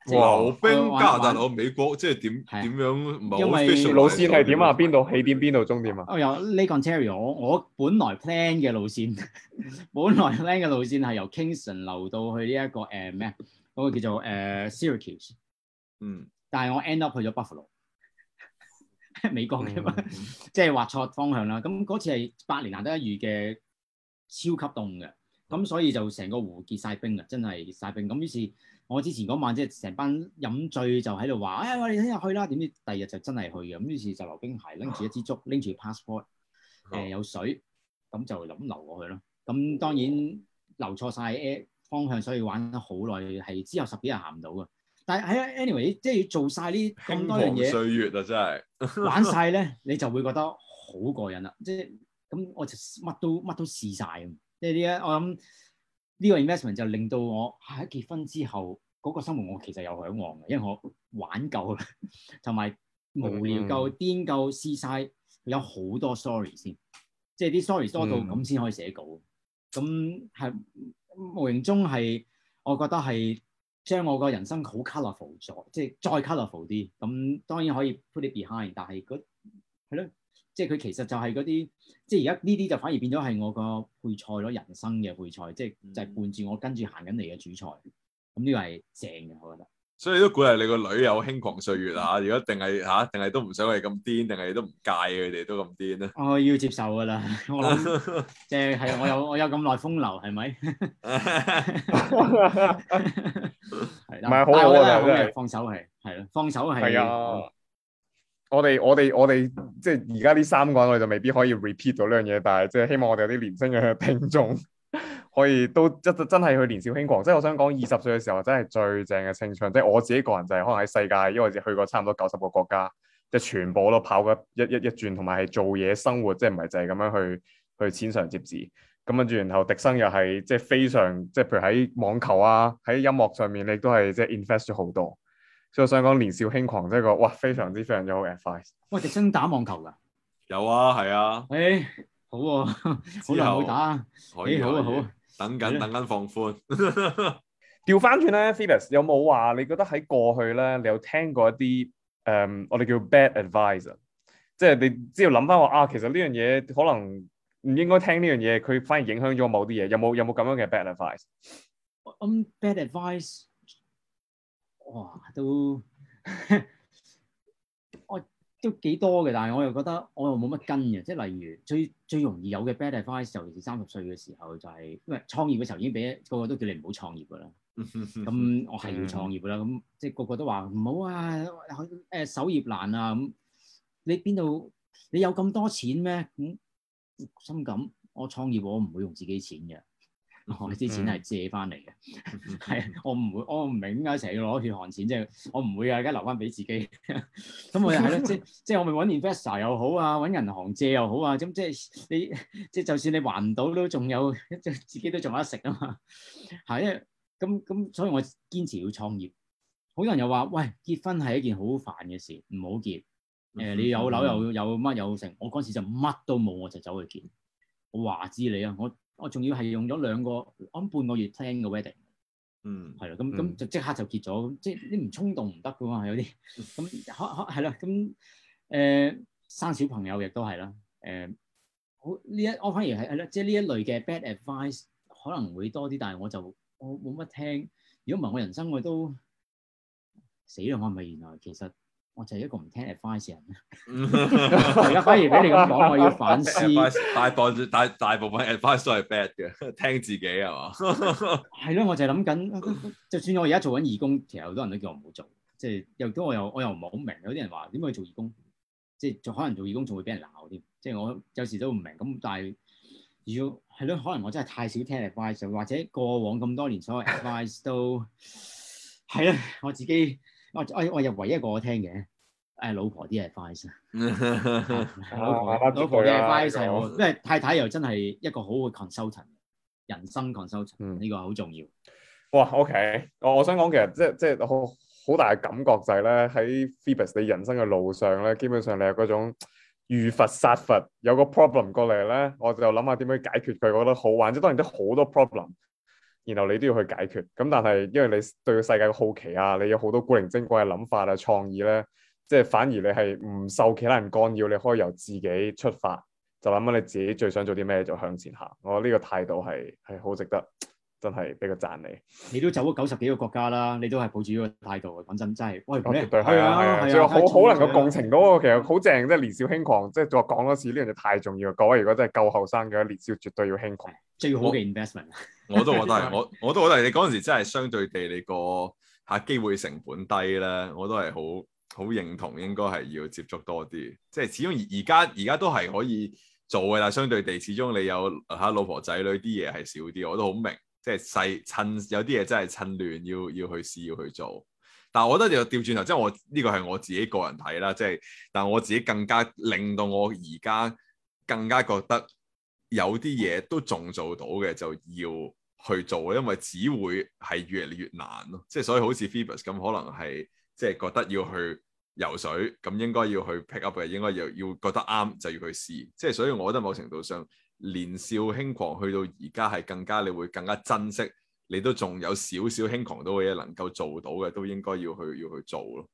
就是、哇！冰玩加拿大到美國，即係點點樣？唔係的因為路線係點啊？邊度起點，邊度終點啊？哦，有呢 Lake Ontario，我我本來 plan 嘅路線， 本來 plan 嘅路線係由 Kingston 流到去呢、這、一個誒咩啊？嗰、呃那個叫做誒 Syracuse。呃、Sy 嗯。但係我 end up 去咗 Buffalo， 美國嘅的嘛，即係、嗯、 滑錯方向啦。咁嗰次係百年難得一遇嘅超級凍嘅。咁所以就成個湖結晒冰啦，真係結晒冰。咁於是，我之前嗰晚即係成班飲醉就喺度話，誒、哎，我哋聽日去啦。點知第二日就真係去嘅。咁於是就溜冰鞋拎住一支竹，拎住 passport，誒、呃、有水，咁就諗流過去咯。咁當然溜錯曬方向，所以玩得好耐，係之後十幾日行唔到嘅。但係喺 anyway，即係要做晒呢咁多樣嘢，歲月啊真係 玩晒咧，你就會覺得好過癮啦。即係咁，我就乜都乜都試曬。即係點啊？我諗呢個 investment 就令到我喺結婚之後嗰、那個生活，我其實有嚮往嘅，因為我玩夠啦，同埋無聊夠、癲夠試晒，有好多 story 先，即係啲 story 多到咁先、嗯、可以寫稿。咁係無形中係，我覺得係將我個人生好 colorful 咗，即係再 colorful 啲。咁當然可以 put it behind，但係個係咯。即係佢其實就係嗰啲，即係而家呢啲就反而變咗係我個配菜咯，人生嘅配菜，即係就係伴住我跟住行緊嚟嘅主菜。咁呢個係正嘅，我覺得。所以都鼓勵你個女有輕狂歲月啊！如果定係嚇，定係都唔想係咁癲，定係你都唔介佢哋都咁癲咧。我要接受噶啦，我諗，即係係我有我有咁耐風流係咪？唔係好啊，好嘅，放手係係咯，放手係。我哋我哋我哋即係而家呢三個人，我哋就未必可以 repeat 到呢樣嘢，但係即係希望我哋有啲年輕嘅聽眾可以都真真係去年少輕狂。即係我想講二十歲嘅時候，真係最正嘅青春。即係我自己個人就係、是、可能喺世界，因為我哋去過差唔多九十個國家，即係全部都跑過一一一轉，同埋係做嘢生活，即係唔係就係咁樣去去淺嘗輒止。咁跟住，然後廸生又係即係非常即係，譬如喺網球啊，喺音樂上面，你都係即係 invest 咗好多。所以我想講年少輕狂即係、這個哇非常之非常之好嘅 advice。喂，廸生打網球噶？有啊，係啊。誒，好，啊，好打。可以，好啊好。好耐冇打，等緊，等緊放寬。調翻轉咧 Phoebus 有冇話你覺得喺過去咧，你有聽過一啲誒，um, 我哋叫 bad advisor 即係你只要諗翻話啊，其實呢樣嘢可能唔應該聽呢樣嘢，佢反而影響咗某啲嘢。有冇有冇咁樣嘅 bad advice 咁 bad advice？Um, bad advice? 哇，都 我都幾多嘅，但係我又覺得我又冇乜根嘅，即係例如最最容易有嘅 bad advice，尤其候，係三十歲嘅時候，就係，就係因為創業嘅時候已經俾個個都叫你唔好創業㗎啦。咁我係要創業㗎啦，咁即係個個都話唔 好啊，誒，守業難啊咁。你邊度？你有咁多錢咩？咁、嗯、心感，我創業我唔會用自己錢嘅。啊、 我啲錢係借翻嚟嘅，係我唔會，我唔明解成日要攞血汗錢，即係我唔會㗎，而家留翻俾自己。咁 我又係咯，即係即係我咪揾 investor 又好啊，揾銀行借又好啊。咁即係你即係就算你還唔到都仲有，即係自己都仲有得食啊嘛。係， 因為咁咁所以我堅持要創業。好多人又話，喂，結婚係一件好煩嘅事，唔好結。誒、呃，你有樓又有乜有剩，我嗰時就乜都冇，我就走去結。我話知你啊，我。我仲要係用咗兩個，我諗半個月 plan 嘅 wedding，嗯，係啦，咁咁就即刻就結咗，嗯、即係你唔衝動唔得噶嘛，有啲，咁可係啦，咁誒、呃、生小朋友亦都係啦，誒好呢一，我反而係係啦，即係呢一類嘅 bad advice 可能會多啲，但係我就我冇乜聽，如果唔係我人生我都死啦，我係咪原來其實？我就係一個唔聽 advice 人而家 反而俾你咁講，我要反思。大部大大部分分 advice 都係 bad 嘅，聽自己係嘛？係 咯，我就係諗緊，就算我而家做緊義工，其實好多人都叫我唔好做，即係又都我又我又唔係好明，有啲人話點解去做義工，即係做可能做義工仲會俾人鬧添，即係我有時都唔明。咁但係要係咯，可能我真係太少聽 advice，或者過往咁多年所有 advice 都係咯，我自己我我我又唯一一個我聽嘅。誒老婆啲 advice 啊，老婆 老婆啲 advice 係，因為太太又真係一個好嘅 consultant、嗯、人生 consultant，呢個好重要。哇，OK，我我想講其實即即好好大嘅感覺就係咧，喺 Phoebus 你人生嘅路上咧，基本上你係嗰種遇佛殺佛，有個 problem 過嚟咧，我就諗下點樣解決佢，覺得好玩。即當然都好多 problem，然後你都要去解決。咁但係因為你對個世界嘅好奇啊，你有好多古靈精怪嘅諗法啊、創意咧。即係反而你係唔受其他人干擾，你可以由自己出發，就諗緊你自己最想做啲咩就向前行。我呢個態度係係好值得，真係俾個讚你。你都走咗九十幾個國家啦，你都係抱住呢個態度。講真真係，喂，絕對係啊，仲有好好能夠共情嗰個，其實好正。啊、即係年少輕狂，啊、即係再講多次呢樣嘢太重要。各位如果真係夠後生嘅，年少絕對要輕狂，最好嘅 investment。我都覺得係，我我都覺得你嗰陣時真係相對地你個嚇機會成本低咧，我都係好。好認同，應該係要接觸多啲，即係始終而而家而家都係可以做嘅，但相對地，始終你有嚇老婆仔女啲嘢係少啲，我都好明。即係細趁有啲嘢真係趁亂要要去試要去做。但係我覺得又調轉頭，即係我呢、這個係我自己個人睇啦。即係但係我自己更加令到我而家更加覺得有啲嘢都仲做到嘅，就要去做，因為只會係越嚟越難咯。即係所以好似 Phoebus 咁，可能係。即係覺得要去游水，咁應該要去 pick up 嘅，應該要要覺得啱就要去試。即係所以，我覺得某程度上年少輕狂去到而家係更加，你會更加珍惜。你都仲有少少輕狂到嘅嘢能夠做到嘅，都應該要去要去做咯。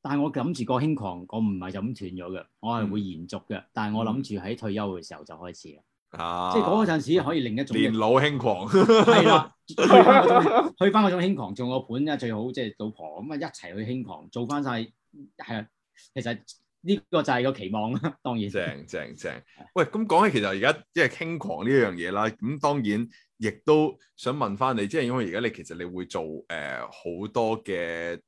但係我諗住個輕狂，我唔係就咁斷咗嘅，我係會延續嘅。嗯，但係我諗住喺退休嘅時候就開始啦。啊、即係嗰陣時可以另一種年老輕狂係啦， 去翻嗰種輕狂，做個盤咧最好，即係老婆咁啊一齊去輕狂，做翻晒係啊。其實呢個就係個期望啦，當然。正正正，的喂，咁講起其實而家即係輕狂呢樣嘢啦，咁當然亦都想問翻你，即係因為而家你其實你會做誒好多嘅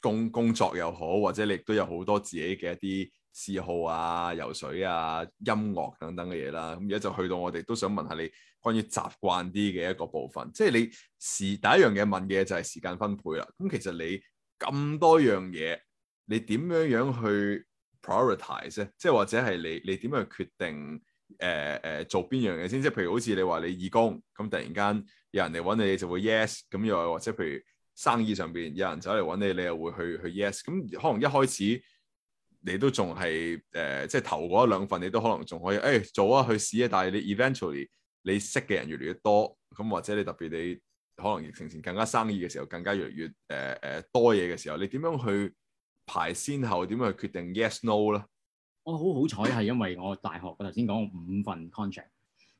工工作又好，或者你亦都有好多自己嘅一啲。嗜好啊、游水啊、音樂等等嘅嘢啦，咁而家就去到我哋都想問下你關於習慣啲嘅一個部分，即係你時第一樣嘢問嘅就係時間分配啦。咁、嗯、其實你咁多樣嘢，你點樣樣去 prioritize 咧？即係或者係你你點樣去決定誒誒、呃呃、做邊樣嘢先？即係譬如好似你話你義工，咁、嗯、突然間有人嚟揾你，你就會 yes 咁、嗯、又或者譬如生意上邊有人走嚟揾你，你又會去去 yes 咁、嗯、可能一開始。你都仲係誒，即係投過一兩份，你都可能仲可以，誒、欸、做啊去試啊。但係你 eventually，你識嘅人越嚟越多，咁、嗯、或者你特別你可能疫情前更加生意嘅時候，更加越嚟越誒誒、呃、多嘢嘅時候，你點樣去排先後，點樣去決定 yes no 咧？我好好彩係因為我大學，我頭先講五份 contract，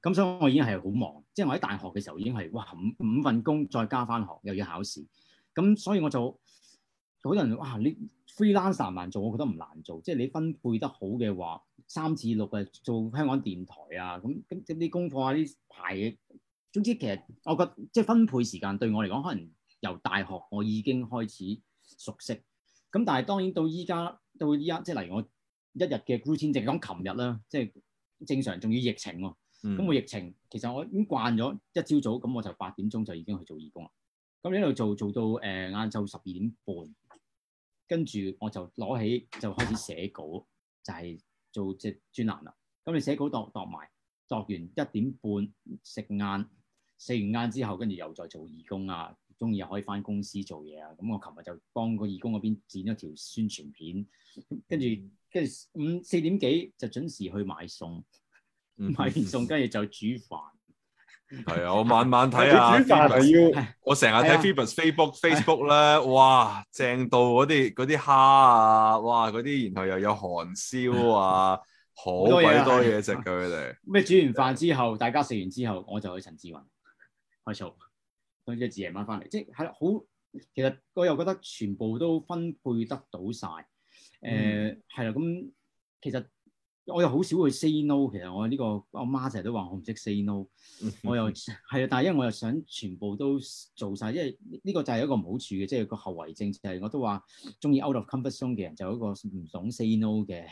咁所以我已經係好忙，即、就、係、是、我喺大學嘅時候已經係哇五五份工，再加返學又要考試，咁所以我就。好多人哇，你 freelancer 難做，我覺得唔難做，即係你分配得好嘅話，三至六啊做香港電台啊，咁咁啲功課啊啲排，嘅。總之其實我覺得即係分配時間對我嚟講，可能由大學我已經開始熟悉。咁但係當然到依家到依家，即係例如我一日嘅 routine，講琴日啦，即係正常仲要疫情喎。咁我、嗯、疫情其實我已經慣咗，一朝早咁我就八點鐘就已經去做義工啦。咁一度做做到誒晏晝十二點半。跟住我就攞起就開始寫稿，就係、是、做隻專欄啦。咁你寫稿度度埋，度完一點半食晏，食完晏之後，跟住又再做義工啊，鍾意又可以返公司做嘢啊。咁我琴日就幫個義工嗰邊剪咗條宣傳片，跟住跟住五四點幾就準時去買餸，買完餸跟住就煮飯。係啊，我晚晚睇啊。煮飯要，我成日睇 Facebook、Facebook 咧，哇，正到嗰啲嗰啲蝦啊，哇，嗰啲然後又有韓燒啊， 嗯、好鬼多嘢食嘅佢哋。咩 煮完飯之後， 大家食完之後，我就去陳志雲開騷，跟住自夜晚翻嚟，即係好，其實我又覺得全部都分配得到晒。誒、呃，係啦、嗯，咁、嗯嗯、其實。嗯其實我又好少去 say no，其實我呢個，我媽成日都話我唔識 say no， 我又係啊，但係因為我又想全部都做晒，因為呢個就係一個唔好處嘅，即係個後遺症就係我都話中意 out of c o m f o r t z o n e comfort zone 嘅人就有一個唔懂 say no 嘅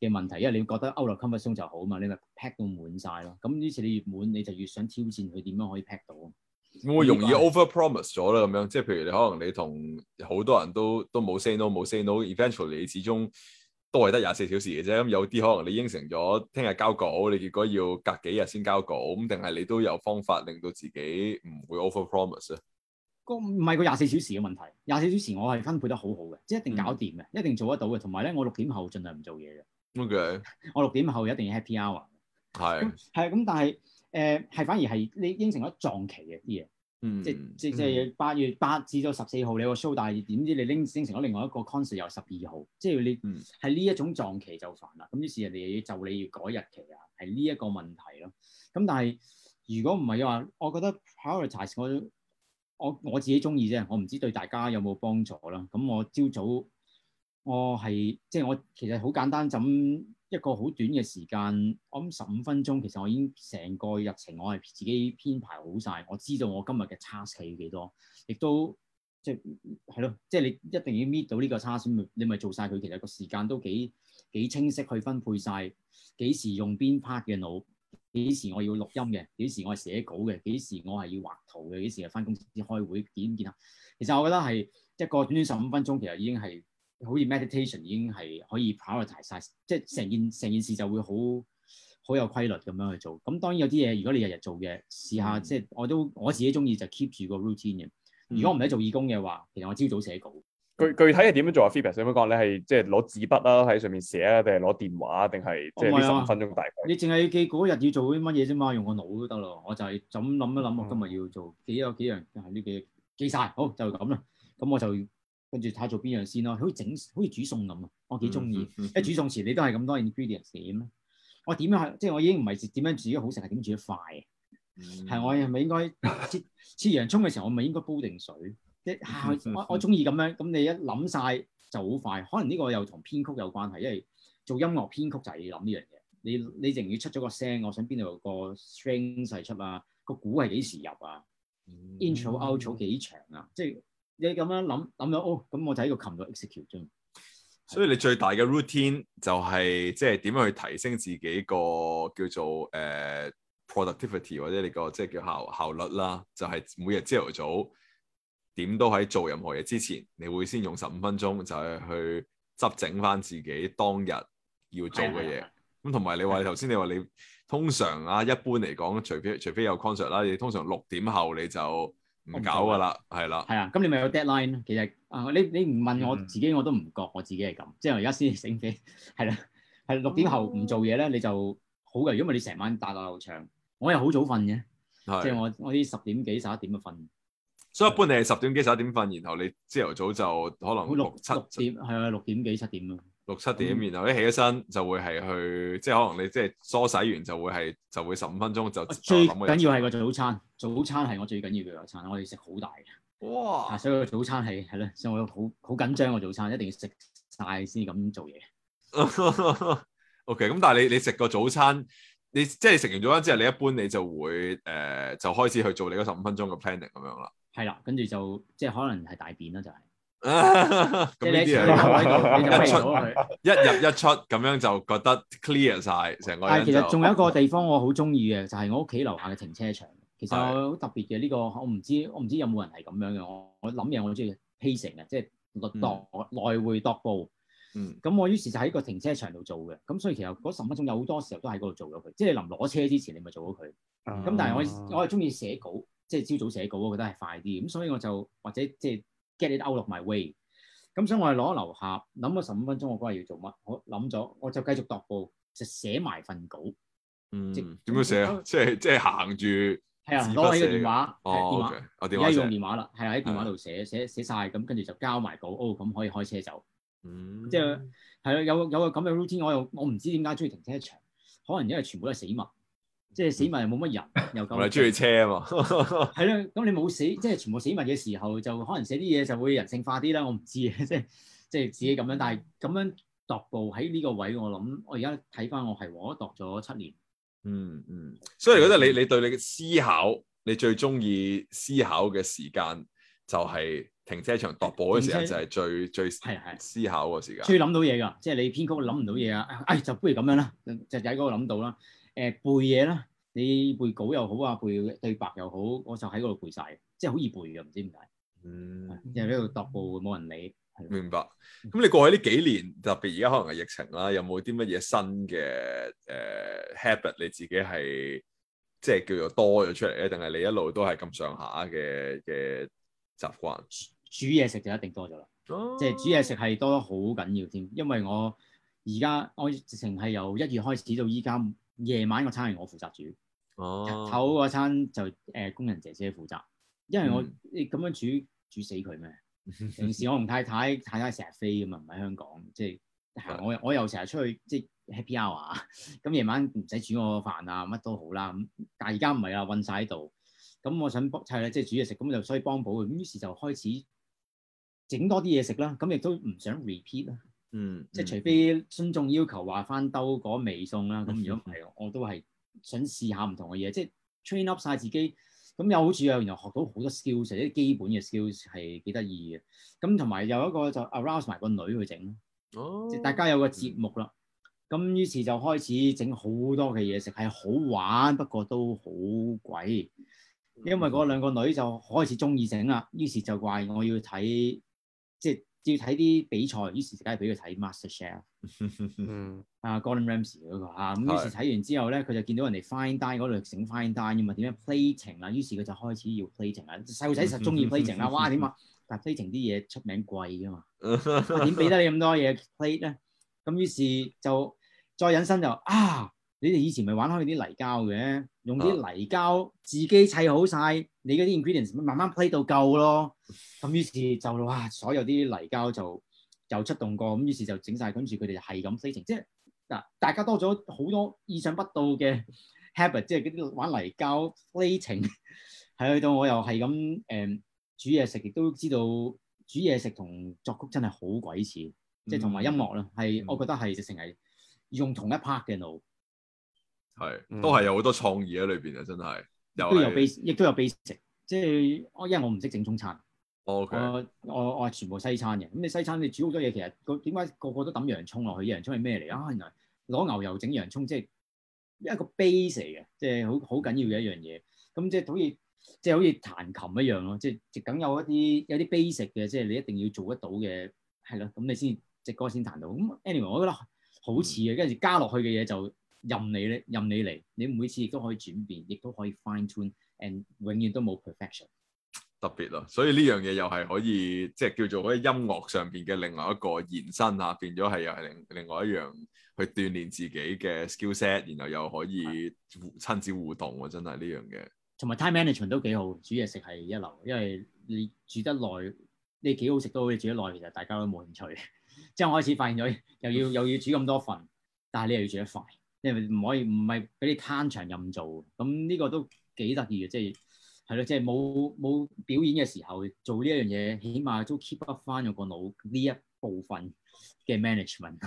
嘅 問題，因為你覺得 out of comfort zone 就好啊嘛，你咪 pack 到滿晒咯。咁於是你越滿，你就越想挑戰佢點樣可以 pack 到。會容易 over promise 咗啦，咁樣即係譬如你可能你同好多人都都冇 say no 冇 say no，eventually 你始終。都係得廿四小時嘅啫，咁有啲可能你應承咗聽日交稿，你結果要隔幾日先交稿。咁定係你都有方法令到自己唔會 over promise 咧？個唔係個廿四小時嘅問題，廿四小時我係分配得好好嘅，即係一定搞掂嘅，嗯、一定做得到嘅。同埋咧，我六點後盡量唔做嘢嘅。OK，我六點後一定要 happy hour。係係咁，但係誒係反而係你應承咗撞期嘅啲嘢。嗯，即即即係八月八至到十四號，你個 show，但係點知你拎拎成咗另外一個 concert 又十二號，即係你係呢、嗯、一種撞期就煩啦。咁於是人哋就你要改日期啊，係呢一個問題咯。咁但係如果唔係嘅話，我覺得 prioritize 我我我自己中意啫，我唔知對大家有冇幫助啦。咁我朝早我係即係我其實好簡單就咁。一個好短嘅時間，我諗十五分鐘，其實我已經成個日程我係自己編排好晒。我知道我今日嘅差 a s 幾多，亦都即係咯，即、就、係、是就是、你一定要搣到呢個差 a 你咪做晒佢。其實個時間都幾幾清晰去分配晒。幾時用邊 part 嘅腦，幾時我要錄音嘅，幾時我係寫稿嘅，幾時我係要畫圖嘅，幾時又翻公司開會見唔見其實我覺得係一個短短十五分鐘，其實已經係。好似 meditation 已經係可以 prioritize 即係成件成件事就會好好有規律咁樣去做。咁當然有啲嘢如果你日日做嘅，試下、嗯、即係我都我自己中意就 keep 住個 routine 嘅。嗯、如果唔係做義工嘅話，其實我朝早寫稿。具、嗯、具體係點樣做啊 Phoebus 點樣講？你係即係攞紙筆啦，喺上面寫啊，定係攞電話，定係即係呢十五分鐘大概？啊、你淨係記嗰日要做啲乜嘢啫嘛？用個腦都得咯。我就係就咁諗一諗，我今日要做幾有幾樣，就係呢幾記晒好就咁啦。咁我就。跟住睇做邊樣先咯，好似整好似煮餸咁啊，我幾中意。 一煮餸時，你都係咁多 ingredients 嘅咩？我點樣係，即係我已經唔係點樣煮得好食，係點煮得快。係 我係咪應該切切洋葱嘅時候，我咪應該煲定水？即係 我我中意咁樣，咁你一諗晒就好快。可能呢個又同編曲有關係，因為做音樂編曲就係要諗呢樣嘢。你你淨要出咗個聲，我想邊度個 string 係出啊，個鼓係幾時入啊？Intro Outro 幾長啊？即係。你咁樣諗諗咗，哦，咁我就喺度擒咗 execute。所以你最大嘅 routine 就係即係點樣去提升自己個叫做誒、uh, productivity 或者你個即係叫效效率啦。就係、是、每日朝頭早點都喺做任何嘢之前，你會先用十五分鐘就係去執整返自己當日要做嘅嘢。咁同埋你話頭先，的你話你，你，你通常啊，一般嚟講，除非除非有 concert 啦，你通常六點後你就。我搞噶啦，係啦，係 啊樂，咁你咪有 deadline 其實啊，你你唔問我、嗯、自己，我都唔覺我自己係咁。即係而家先醒起，係啦，係六點後唔做嘢咧，你就好嘅。如果唔係你成晚打打長，我又好早瞓嘅，即係的我我啲十點幾十一點就瞓。的所以一般你係十點幾十一點瞓，然後你朝頭早就可能六七六點係啊，六 7, 點幾七點啊。六七點，然後一起咗身就會係去，即係可能你即係梳洗完就會係就會十五分鐘就。最緊要係個早餐，早餐係我最緊要嘅早餐，我哋食好大嘅。哇！所以早餐係係咯，所以我好好緊張個早餐，一定要食晒先咁做嘢。 OK，咁但係你你食個早餐，你即係食完早餐之後，你一般你就會誒、呃、就開始去做你嗰十五分鐘嘅 planning 咁樣啦。係啦，跟住就即係可能係大便啦，就係。啊！咁呢啲係一出一入一出，咁樣就覺得 clear 晒成個。但係其實仲有一個地方我好中意嘅，就係我屋企樓下嘅停車場。其實我好特別嘅呢個，我唔知我唔知有冇人係咁樣嘅？我我諗嘢我中意 pacing 嘅，即係踱來回踱步。嗯。咁我於是就喺個停車場度做嘅，咁所以其實嗰十分鐘有好多時候都喺嗰度做咗佢。即係臨攞車之前，你咪做咗佢。咁但係我我係中意寫稿，即係朝早寫稿，我覺得係快啲。咁所以我就或者即係。Get out of my way，咁所以我係攞樓下諗個十五分鐘，我嗰日要做乜？我諗咗，我就繼續踱步，就寫埋份稿。嗯，點樣寫啊？即係即係行住。係啊，攞起個電話，電話而家用電話啦。係啊，喺電話度寫寫寫曬，咁跟住就交埋稿。哦，咁可以開車走。嗯，即係係啊，有有個咁嘅 routine，我又我唔知點解中意停車場，可能因為全部都係死物。即係死物又冇乜人，又咁。我係中意車啊嘛。係 咯，咁你冇死，即係全部死物嘅時候，就可能寫啲嘢，就會人性化啲啦。我唔知啊，即係即係自己咁樣。但係咁樣踱步喺呢個位，我諗我而家睇翻，我係我，我度咗七年。嗯嗯，嗯所以覺得你的你對你嘅思考，你最中意思考嘅時間就係、是、停車場踱步嗰時間，車就係最最思考嘅時間。中意諗到嘢噶，即係你編曲諗唔到嘢啊，唉、哎，就不如咁樣啦，就喺嗰度諗到啦。誒、呃、背嘢啦，你背稿又好啊，背對白又好，我就喺嗰度背晒，即係好易背嘅，唔知點解。嗯，又喺、就喺、度踱步，冇人理。明白。咁你過去呢幾年，特別而家可能係疫情啦，有冇啲乜嘢新嘅誒 habit 你自己係，即係叫做多咗出嚟咧，定係你一路都係咁上下嘅嘅習慣？煮嘢食就一定多咗啦，即係、哦、煮嘢食係多得好緊要添，因為我而家我直情係由一月開始到依家。夜晚個餐係我負責煮，日、哦、頭個餐就誒工人姐姐負責，因為我你咁樣煮、嗯、煮死佢咩？ 平時我同太太太太成日飛㗎嘛，唔喺香港，即係我我又成日出去即係、就是、happy hour、嗯、啊，咁夜晚唔使煮我個飯啊乜都好啦，但係而家唔係啊，困晒喺度，咁、嗯、我想幫即係即係煮嘢食，咁就所以就幫補佢。咁於是就開始整多啲嘢食啦，咁亦都唔想 repeat 啦。嗯，即係除非觀眾要求道道話翻兜嗰味餸啦，咁如果唔係，我都係想試下唔同嘅嘢，即係 train up 晒自己。咁又好似啊，原來學到好多 skills，成啲基本嘅 skills 係幾得意嘅。咁同埋有一個就 arouse 埋個女去整咯，哦、即係大家有個節目啦。咁於是就開始整好多嘅嘢食，係好玩，不過都好鬼。因為嗰兩個女就開始中意整啦，於是就話我要睇。要睇啲比賽，於是梗係俾佢睇 MasterChef，啊、 uh, Gordon Ramsay 嗰、嗰個咁、啊、於是睇完之後咧，佢就見到人哋 fine dine 嗰度整 fine dine，咁啊點樣 plating 啊？Ine, 於是佢就開始要 plating 啊。細路仔實中意 plating 啊，哇點啊，但 plating 啲嘢出名貴㗎嘛，點俾得你咁多嘢 plate 咧？咁於是就再引申就啊，你哋以前咪玩開啲泥膠嘅？用啲泥膠自己砌好晒，你嗰啲 ingredients 慢慢 play 到夠咯，咁於是就哇所有啲泥膠就就出動過，咁於是就整晒。跟住佢哋係咁 fading 即係嗱大家多咗好多意想不到嘅 habit，即係啲玩泥膠 fading，係到我又係咁誒煮嘢食，亦都知道煮嘢食同作曲真係好鬼似，即係同埋音樂啦，係、嗯、我覺得係直情係用同一 part 嘅腦。係，都係有好多創意喺裏邊啊，真係。又係,都有 base，亦都有 basic，即係我因為我唔識整中餐。OK，我我全部西餐嘅。咁你西餐你煮好多嘢，其實個點解個個都揼洋葱落去？洋葱係咩嚟啊？原來攞牛油整洋葱，即係一個 base 嚟嘅，即係好好緊要嘅一樣嘢。咁即係好似即係好似彈琴一樣咯，即係梗有一啲有啲 basic 嘅，即係你一定要做得到嘅，係咯，咁你先隻歌先彈到。咁 anyway 我覺得好似啊，跟住加落去嘅嘢就。任你咧，任你嚟，你每次亦都可以轉變，亦都可以 fine tune，and 永遠都冇 perfection。特別咯，所以呢樣嘢又係可以即係叫做喺音樂上邊嘅另外一個延伸嚇，變咗係又係另另外一樣去鍛鍊自己嘅 skill set，然後又可以親子互動喎，真係呢樣嘢。同埋 time management 都幾好，煮嘢食係一流，因為你煮得耐，你幾好食都可以煮得耐，其實大家都冇興趣。即 係我開始發現咗又要又要煮咁多份， 但係你又要煮得快。即係唔可以，唔係俾你攤場任做，咁呢個都幾得意嘅，即係係咯，即係冇冇表演嘅時候做呢一樣嘢，起碼都 keep up 翻個腦呢一部分嘅 management。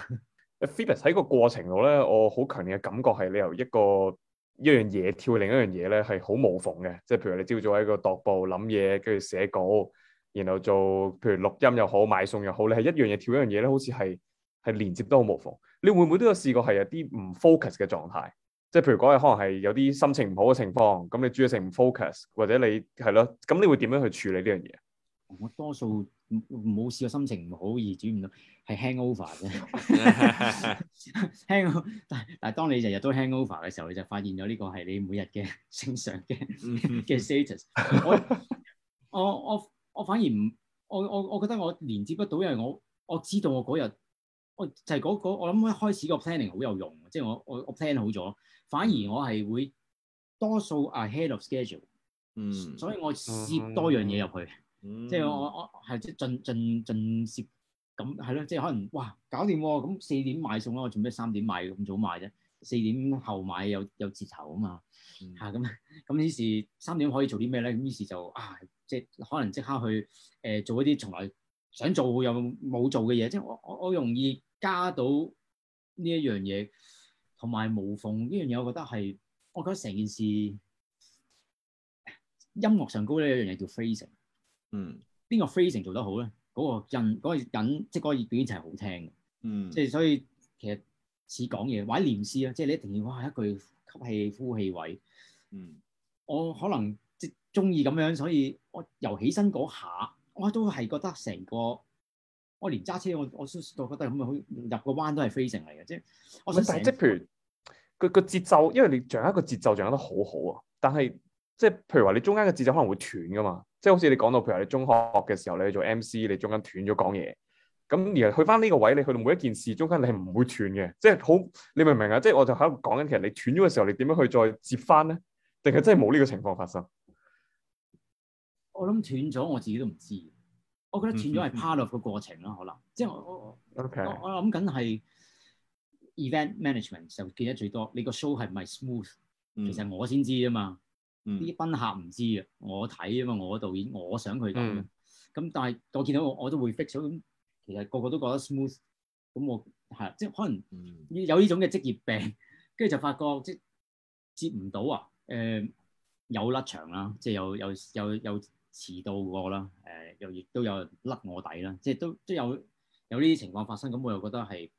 誒，Phoebus 喺個過程度咧，我好強烈嘅感覺係你由一個一樣嘢跳另一樣嘢咧，係好無縫嘅，即係譬如你朝早喺度踱步諗嘢，跟住寫稿，然後做譬如錄音又好，買餸又好，你係一樣嘢跳一樣嘢咧，好似係係連接都好無縫。你會唔會都有試過係有啲唔 focus 嘅狀態？即係譬如嗰日可能係有啲心情唔好嘅情況，咁你煮咗成唔 focus，或者你係咯，咁你會點樣去處理呢樣嘢？我多數冇試過心情唔好而轉唔到，係 hangover 啫。hang 但係但係，當你日日都 hangover 嘅時候，你就發現咗呢個係你每日嘅正常嘅嘅 status。 我我我反而唔，我我我覺得我連接不到，因為我我知道我嗰日。就係嗰、那個，我諗一開始個 planning 好有用，即係我我我 plan 好咗，反而我係會多數 ahead of schedule，嗯，所以我攝多樣嘢入去，嗯、即係我我係即係盡盡盡攝咁係咯，即係可能哇搞掂喎，咁四點買餸啦，我做咩三點買咁早買啫？四點後買又有有折頭啊嘛，嚇咁咁於是三點可以做啲咩咧？咁於是就啊，即係可能即刻去誒、呃、做一啲從來想做又冇做嘅嘢，即係我我我容易。加到呢一樣嘢，同埋無縫呢樣嘢，我覺得係，我覺得成件事音樂上高咧有一樣嘢叫 phrasing，嗯，邊個 phrasing 做得好咧？嗰個音嗰個音即嗰個表現就係好聽嘅，嗯，即係所以其實似講嘢或者練試啊，即係你一定要哇一句吸氣呼氣位，嗯，我可能即係中意咁樣，所以我由起身嗰下我都係覺得成個。我連揸車，我我我覺得咁啊，入個彎都係飛成嚟嘅，即係。我想但係即係譬如個個節奏，因為你仲有一個節奏，仲係得好好啊。但係即係譬如話你中間嘅節奏可能會斷噶嘛，即係好似你講到譬如你中學嘅時候，你去做 MC，你中間斷咗講嘢。咁而去翻呢個位，你去到每一件事中間，你係唔會斷嘅，即係好，你明唔明啊？即係我就喺度講緊，其實你斷咗嘅時候，你點樣去再接翻咧？定係真係冇呢個情況發生？我諗斷咗，我自己都唔知。我覺得斷咗係 part of 個過程咯，可能即係我 Okay. 我我諗緊係 event management 就見得最多。你個 show 係咪 smooth？其實我先知啊嘛，啲、嗯、賓客唔知啊。我睇啊嘛，我導演我想佢咁。咁、嗯、但係我見到我我都會 fix 咗。咁其實個個都覺得 smooth。咁我係即係可能有呢種嘅職業病，跟住就發覺即係接唔到啊。誒、呃、有甩場啦，即係有有有有。有有有有有遲到過啦，誒又亦都有甩我底啦，即係都即有有呢啲情況發生，咁我又覺得係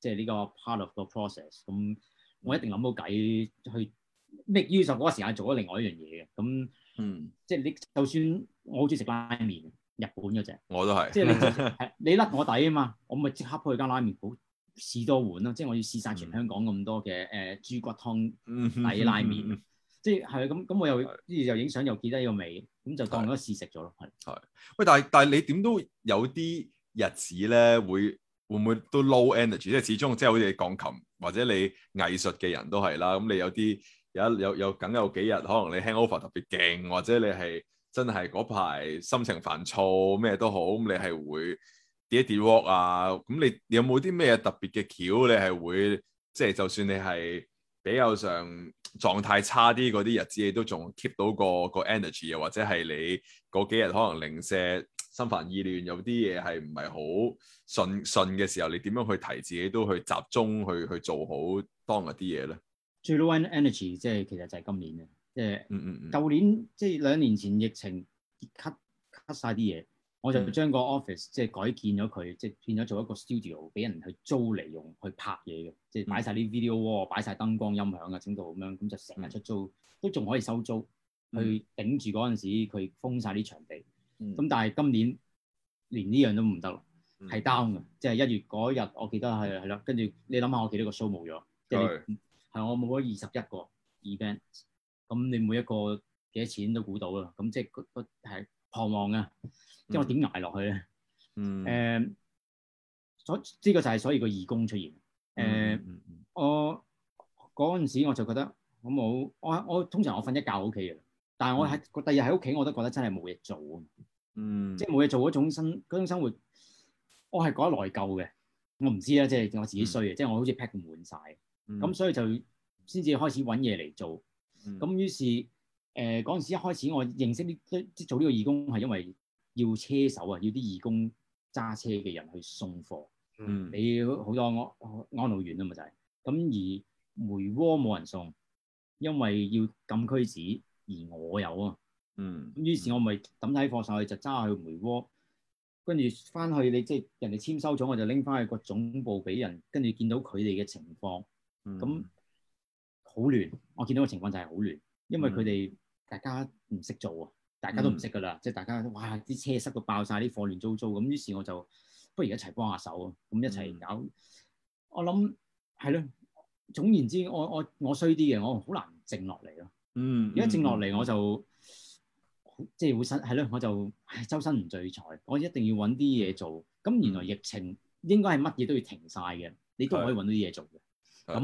即係呢個 part of the process、嗯。咁我一定諗到計去，make use of 嗰個時間做咗另外一樣嘢嘅咁，嗯，即係你就算我好中意食拉麵，日本嗰隻我都係，即係你， 你甩我底啊嘛，我咪即刻去間拉麵鋪試多碗咯，即係我要試晒全香港咁多嘅誒豬骨湯底拉麵，即係係咁咁我又又影相又記得呢個味。咁就當咗試食咗咯。係的，係，喂，但係但係你點都有啲日子咧，會會唔會都 low energy？即係始終，即係好似你鋼琴或者你藝術嘅人都係啦。咁你有啲有有有，梗有幾日可能你 hangover 特別勁，或者你係、嗯、真係嗰排心情煩躁咩都好。咁你係會 delete work 啊？咁、嗯、你有冇啲咩特別嘅竅？你係會即係、就是、就算你係。比較上狀態差啲嗰啲日子，你都仲 keep 到那個個 energy，又或者係你嗰幾日可能零舍心煩意亂，有啲嘢係唔係好順順嘅時候，你點樣去提自己都去集中去去做好當日啲嘢咧？最 low 嘅 energy 即係其實就係今年嘅，即係嗯嗯嗯，舊年即係兩年前疫情 cut cut 晒啲嘢。我就將個 office 即係改建咗佢，即係變咗做一個 studio，俾人去租嚟用去拍嘢嘅，即係擺晒啲 video wall，擺曬燈光、音響嘅整到咁樣，咁就成日出租，都仲可以收租去頂住嗰陣時佢封晒啲場地。咁、嗯、但係今年連呢樣都唔得咯，係、嗯、down 嘅，即係一月嗰日我記得係係咯，跟住你諗下我幾多個 show 冇咗，即係係對 我冇咗二十一個 event，咁你每一個幾多錢都估到啦，咁即係嗰嗰係破望嘅。即我點捱落去咧？嗯，誒、uh,，所呢個就係所以個義工出現。誒、uh, 嗯，嗯、我嗰陣時我就覺得我冇我我通常我瞓一覺 OK 嘅，但係我喺、嗯、第二日喺屋企我都覺得真係冇嘢做啊！嗯，即冇嘢做嗰種生嗰種生活，我係覺得內疚嘅。我唔知咧，即、就、係、是、我自己衰啊！即係、嗯、我好似 pack 咁滿曬，咁、嗯、所以就先至開始揾嘢嚟做。咁、嗯、於是誒嗰陣時一開始我認識啲即、就是、做呢個義工係因為，要車手啊，要啲義工揸車嘅人去送貨。嗯，畀好多安安老院啊嘛，就係咁。而梅窩冇人送，因為要禁區紙，而我有啊。嗯，咁於是，我咪抌低貨上去，嗯、就揸去梅窩，跟住翻去你即係人哋簽收咗，我就拎翻去個總部俾人，跟住見到佢哋嘅情況。嗯，咁好亂，我見到嘅情況就係好亂，因為佢哋大家唔識做啊。大家都唔識㗎啦，嗯、即係大家哇啲車塞到爆晒，啲貨亂糟糟咁。於是我就不如一齊幫下手啊，咁一齊搞。嗯、我諗係咯，總言之我，我我我衰啲嘅，我好難靜落嚟咯。嗯，而家靜落嚟我就即係、就是、會失係咯，我就周身唔聚財，我一定要揾啲嘢做。咁原來疫情應該係乜嘢都要停晒嘅，你都可以揾到啲嘢做嘅。咁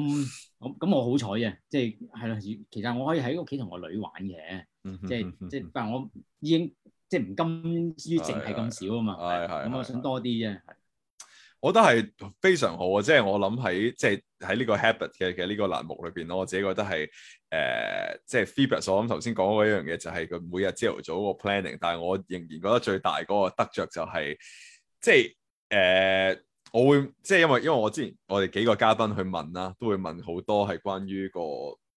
咁咁我好彩嘅，即係係咯，其實我可以喺屋企同我女玩嘅。即係即係，但係我已經即係唔甘於淨係咁少啊嘛。係係，咁我想多啲啫。我覺得係非常好啊，即係我諗喺即係喺呢個 habit 嘅嘅呢個欄目裏邊，我自己覺得係誒，即係 Phoebus 所諗頭先講嗰樣嘢，就係佢每日朝早個 planning。但係我仍然覺得最大嗰個得着就係，即係誒，我會即係因為因為我之前我哋幾個嘉賓去問啦，都會問好多係關於個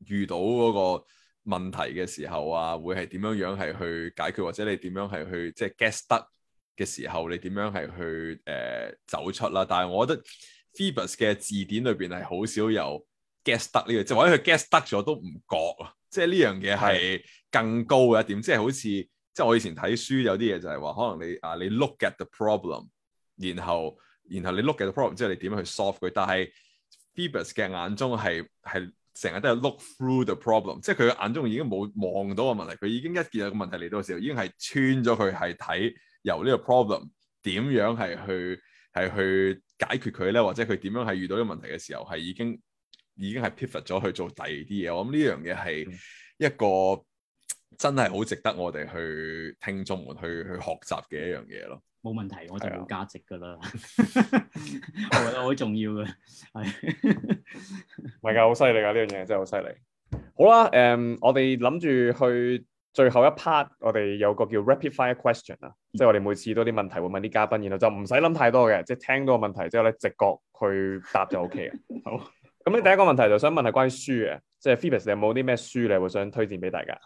遇到嗰個。問題嘅時候啊，會係點樣樣係去解決，或者你點樣係去即係 guess 得嘅時候你，你點樣係去誒走出啦？但係我覺得 Phoebus 嘅字典裏邊係好少有 guess 得呢、呢個，即或者佢 guess 得咗都唔覺，即係呢樣嘢係更高嘅一點。即係是的 好似即係我以前睇書有啲嘢就係話，可能你啊你 look at the problem，然後然後你 look at the problem 之後你點樣去 solve 佢，但係 Phoebus 嘅眼中係係。成日都係 look through the problem，即係佢嘅眼中已經冇望到個問題，佢已經一見有個問題嚟到嘅時候，已經係穿咗佢係睇由呢個 problem 點樣係去係去解決佢咧，或者佢點樣係遇到呢個問題嘅時候係已經已經係 pivot 咗去做第二啲嘢。我諗呢樣嘢係一個真係好值得我哋去聽眾們去去學習嘅一樣嘢咯。冇問題，我就要價值噶啦， 我覺得好重要嘅，係， 唔係噶，好犀利噶，呢樣嘢真係好犀利。好啦，誒，我哋諗住去最後一 part，我哋有個叫 Rapid Fire Question 啊，即係、嗯、我哋每次都啲問題會問啲嘉賓，然後就唔使諗太多嘅，即、就、係、是、聽到個問題之後咧，直覺去答就 OK 嘅。好，咁咧 第一個問題就想問係關於書嘅，即係 Phoebus，你有冇啲咩書你會想推薦俾大家？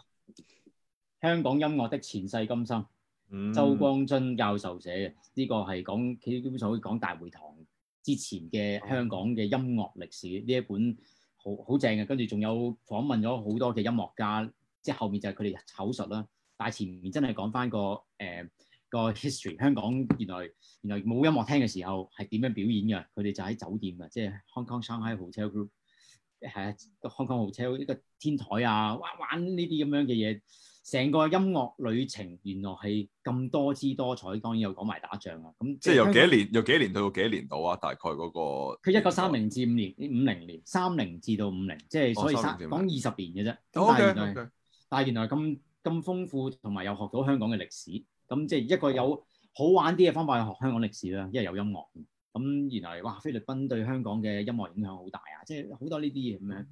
香港音樂的前世今生。嗯、周光蓁教授寫嘅呢、這個係講，佢基本上可以講大會堂之前嘅香港嘅音樂歷史呢一本好好正嘅，跟住仲有訪問咗好多嘅音樂家，即係後面就係佢哋口述啦，但係前面真係講翻個誒、呃、個 history 香港原來原來冇音樂廳嘅時候係點樣表演嘅，佢哋就喺酒店嘅，即係 Hong Kong Shanghai Hotel Group 係啊，Hong Kong Hotel 一個天台啊玩玩呢啲咁樣嘅嘢。成個音樂旅程原來係咁多姿多彩，當然又講埋打仗啊。咁、嗯、即係港由幾年？又幾年到到幾年到啊？大概嗰個佢一個三零至五零年，五零年三零至到五零，即係所以三講二十年嘅啫。O K，但係原來咁咁豐富，同埋又學到香港嘅歷史。咁、嗯、即係一個有好玩啲嘅方法去學香港歷史啦。因為有音樂咁、嗯，原來哇，菲律賓對香港嘅音樂影響好大啊！即係好多呢啲嘢咁樣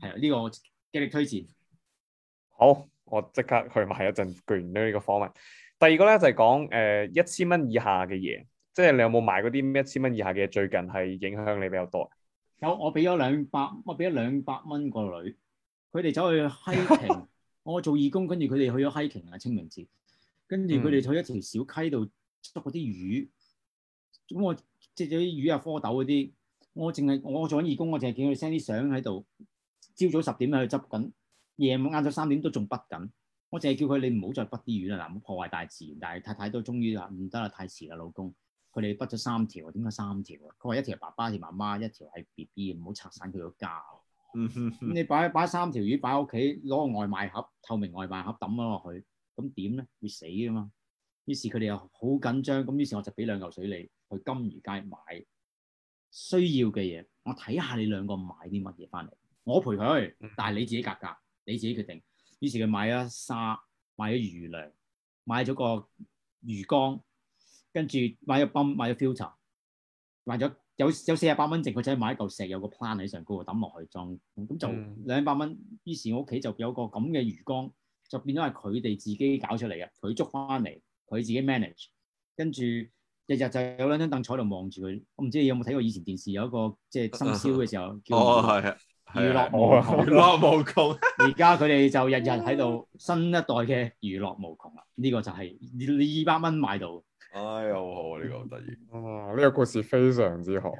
係啊。呢個極力推薦。好。我即刻去買一陣鉛呢個訪問。第二個咧就係、是、講誒一千蚊以下嘅嘢，即係你有冇買嗰啲一千蚊以下嘅最近係影響你比較多？有，我俾咗兩百，我俾咗兩百蚊個女，佢哋走去 hiking, 去 hiking, 去 hiking、嗯。我做義工，跟住佢哋去咗 hiking 啊清明節，跟住佢哋去一條小溪度捉嗰啲魚。咁我即係啲魚啊蝌蚪嗰啲，我淨係我做緊義工，我淨係見佢 send 啲相喺度，朝早十點喺度執緊，夜晚晏晝三點都仲捕緊，我淨係叫佢你唔好再捕啲魚啦，嗱，唔好破壞大自然。但係太太都終於話唔得啦，太遲啦，老公。佢哋捕咗三條，點解三條啊？佢話一條爸爸，一條媽媽，一條係 B B，唔好拆散佢個家。 你擺擺三條魚擺屋企，攞個外賣盒透明外賣盒抌咗落去，咁點咧會死啊嘛？於是佢哋又好緊張，咁於是我就俾兩嚿水你去金魚街買需要嘅嘢，我睇下你兩個買啲乜嘢翻嚟，我陪佢，但係你自己格價。你自己決定。於是佢買咗沙，買咗魚糧，買咗個魚缸，跟住買咗泵，買咗 filter，買咗有有四廿八蚊剩，佢就係買一嚿石，有個 plan 喺上高度抌落去裝。咁就兩百蚊。於是我屋企就有個咁嘅魚缸，就變咗係佢哋自己搞出嚟嘅。佢捉翻嚟，佢自己 manage。跟住日日就有兩張凳坐度望住佢。我唔知你有冇睇過以前電視有一個即係深宵嘅時候，叫，哦，係啊。娛樂無窮，娛樂無窮。而家佢哋就日日喺度，新一代嘅娛樂無窮啦。呢個就係你二百蚊買到。哎呀，呢個好得意。 啊，呢個故事非常之好。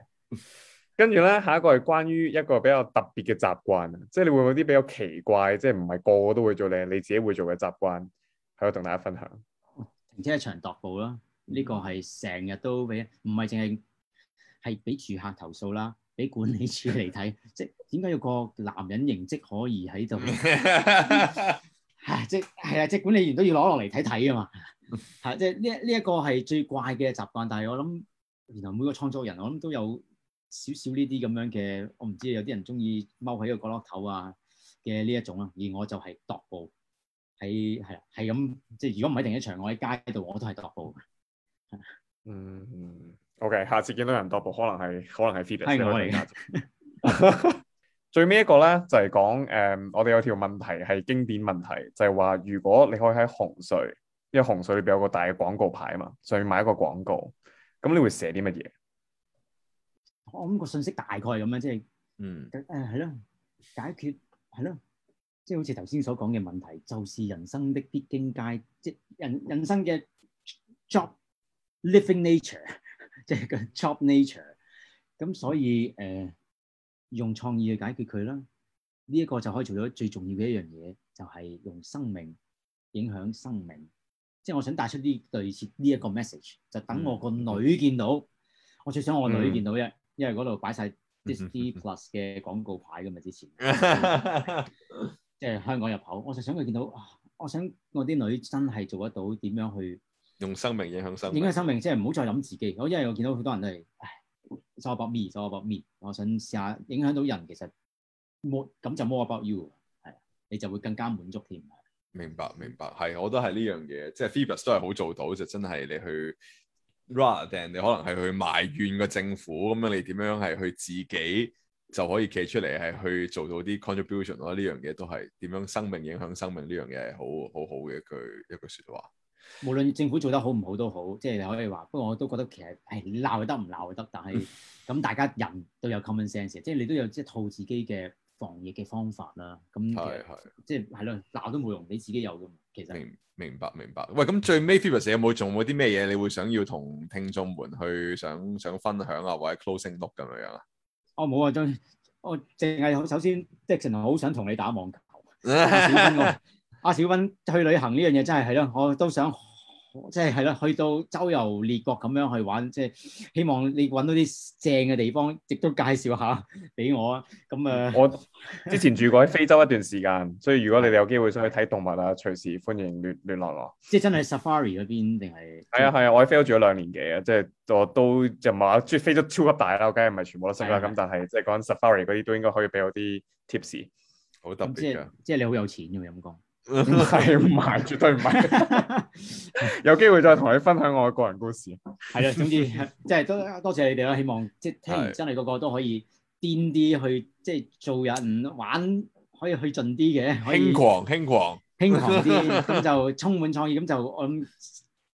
跟住咧，下一個係關於一個比較特別嘅習慣，即係你會有啲比較奇怪，即係唔係個個都會做你，你你自己會做嘅習慣，喺度同大家分享。停車場踱步啦，呢個係成日都俾，唔係淨係係俾住客投訴啦。俾管理處嚟睇，即係點解要個男人形迹可疑喺度？係即係啊，即係管理員都要攞落嚟睇睇啊嘛。係即係呢一呢一個係最怪嘅習慣，但係我諗，然後每個創作人我諗都有少少呢啲咁樣嘅，我唔知有啲人中意踎喺個角落頭啊嘅呢一種啊。而我就係踱步喺係係咁，即係如果唔喺停車場，我喺街度我都係踱步嗯。嗯嗯。OK，下次見到有人踱步，可能係可能係 Phoebus。最尾一個咧，就係講誒，um, 我哋有條問題係經典問題，就係、是、話如果你可以喺洪水，因為洪水裏邊有個大嘅廣告牌啊嘛，上面買一個廣告，咁你會寫啲乜嘢？我諗個信息大概係咁樣，即、就、係、是、嗯誒係咯，解決係咯，即係好似頭先所講嘅問題，就是人生的必經街，即、就是、人人，人生嘅 job living nature。即係個 job nature，咁所以誒、呃、用創意去解決佢啦。呢、這、一個就可以做到最重要嘅一樣嘢，就係、是、用生命影響生命。即係我想帶出啲類似呢一個 message，就等我個女見到。嗯、我最想我個女見到，因、嗯、因為嗰度擺晒 Disney Plus 嘅廣告牌㗎嘛。之前即係香港入口，我就想佢見到。我想我啲女真係做得到點樣去。用生命影響生命，影響生命即係唔好再諗自己。我因為我見到好多人都係，唉，so about me，so about me。我想試下影響到人，其實 mo 咁就 more about you，係，你就會更加滿足添。明白明白，係我覺得係呢樣嘢，即係 Phoebus 都係好做到，就真係你去 rather than 你可能係去埋怨個政府咁樣，你點樣係去自己就可以企出嚟係去做到啲 contribution。我呢樣嘢都係點樣生命影響生命呢樣嘢，好好好嘅一句一句說話。無論政府做得好唔好都好，即係你可以話。不過我都覺得其實係鬧得，唔鬧得。但係咁 大家人都有 common sense，即係你都有即係套自己嘅防疫嘅方法啦。咁是即係係咯，鬧都冇用，你自己有噶，其實。明明白明白。喂，咁最尾 Phoebus 有冇做冇啲咩嘢？你會想要同聽眾們去想想分享啊，或者 closing note 咁樣樣啊？我冇啊，最我淨係首先，廸生好想同你打網球。 阿小芬去旅行呢樣嘢真係係咯，我都想即係係咯，去到周遊列國咁樣去玩，即係希望你揾到啲正嘅地方，亦都介紹下俾我啊。咁誒，我之前住過喺非洲一段時間， 所以如果你哋有機會想去睇動物啊，的隨時歡迎聯聯絡我。落落即係真係 Safari 嗰邊定係？係啊係啊，我喺非洲住咗兩年幾啊，即係我都就話啊。即係非洲超級大啦，梗係唔係全部都識啦。咁的但係即係講 Safari 嗰啲，都應該可以俾我啲 tips，好特別㗎。即係即係你好有錢㗎，咁講。唔係唔係，絕對唔係。 有機會再同你分享我嘅個人故事。係啊，總之即係多多謝你哋啦。希望即係聽完真係個個都可以癲啲去，即係做人玩可以去盡啲嘅，輕狂輕狂，輕狂啲咁就充滿創意。咁就我。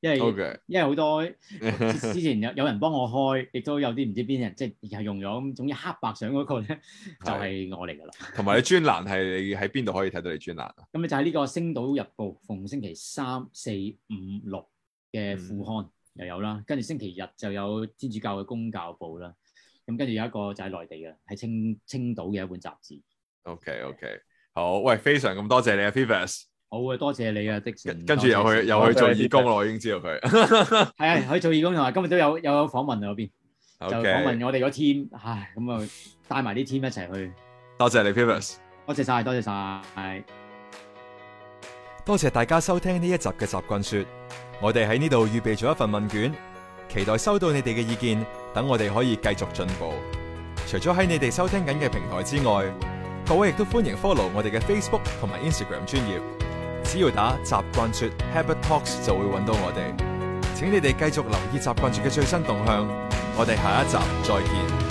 因為因為好多之前有有人幫我開，亦都有啲唔知邊人即係用咗咁，總之黑白相嗰、那個咧就係、是、我嚟噶啦。同埋你專欄係你喺邊度可以睇到你專欄啊？咁咪就喺呢個《星島日報》，逢星期三四五六嘅副刊又有啦，跟住星期日就有天主教嘅公教報啦。咁跟住有一個就係內地嘅，喺青青島嘅一本雜誌。OK OK，的好，喂，非常咁多謝你啊，Phoebus。好啊，多謝你啊，廸生。跟住又去又去做義工咯，我，我已經知道佢係 啊，去做義工同埋今日都有有訪問嗰邊，邊 Okay. 就訪問我哋嗰 team。唉，咁啊，帶埋啲 team 一齊去。多謝你，Phoebus。多謝晒，多謝晒。多謝大家收聽呢一集嘅習慣說。我哋喺呢度預備咗一份問卷，期待收到你哋嘅意見，等我哋可以繼續進步。除咗喺你哋收聽緊嘅平台之外，各位亦都歡迎 follow 我哋嘅 Facebook 同埋 Instagram 專頁。只要打習慣説 Habit Talks 就會揾到我哋。請你哋繼續留意習慣説嘅最新動向。我哋下一集再見。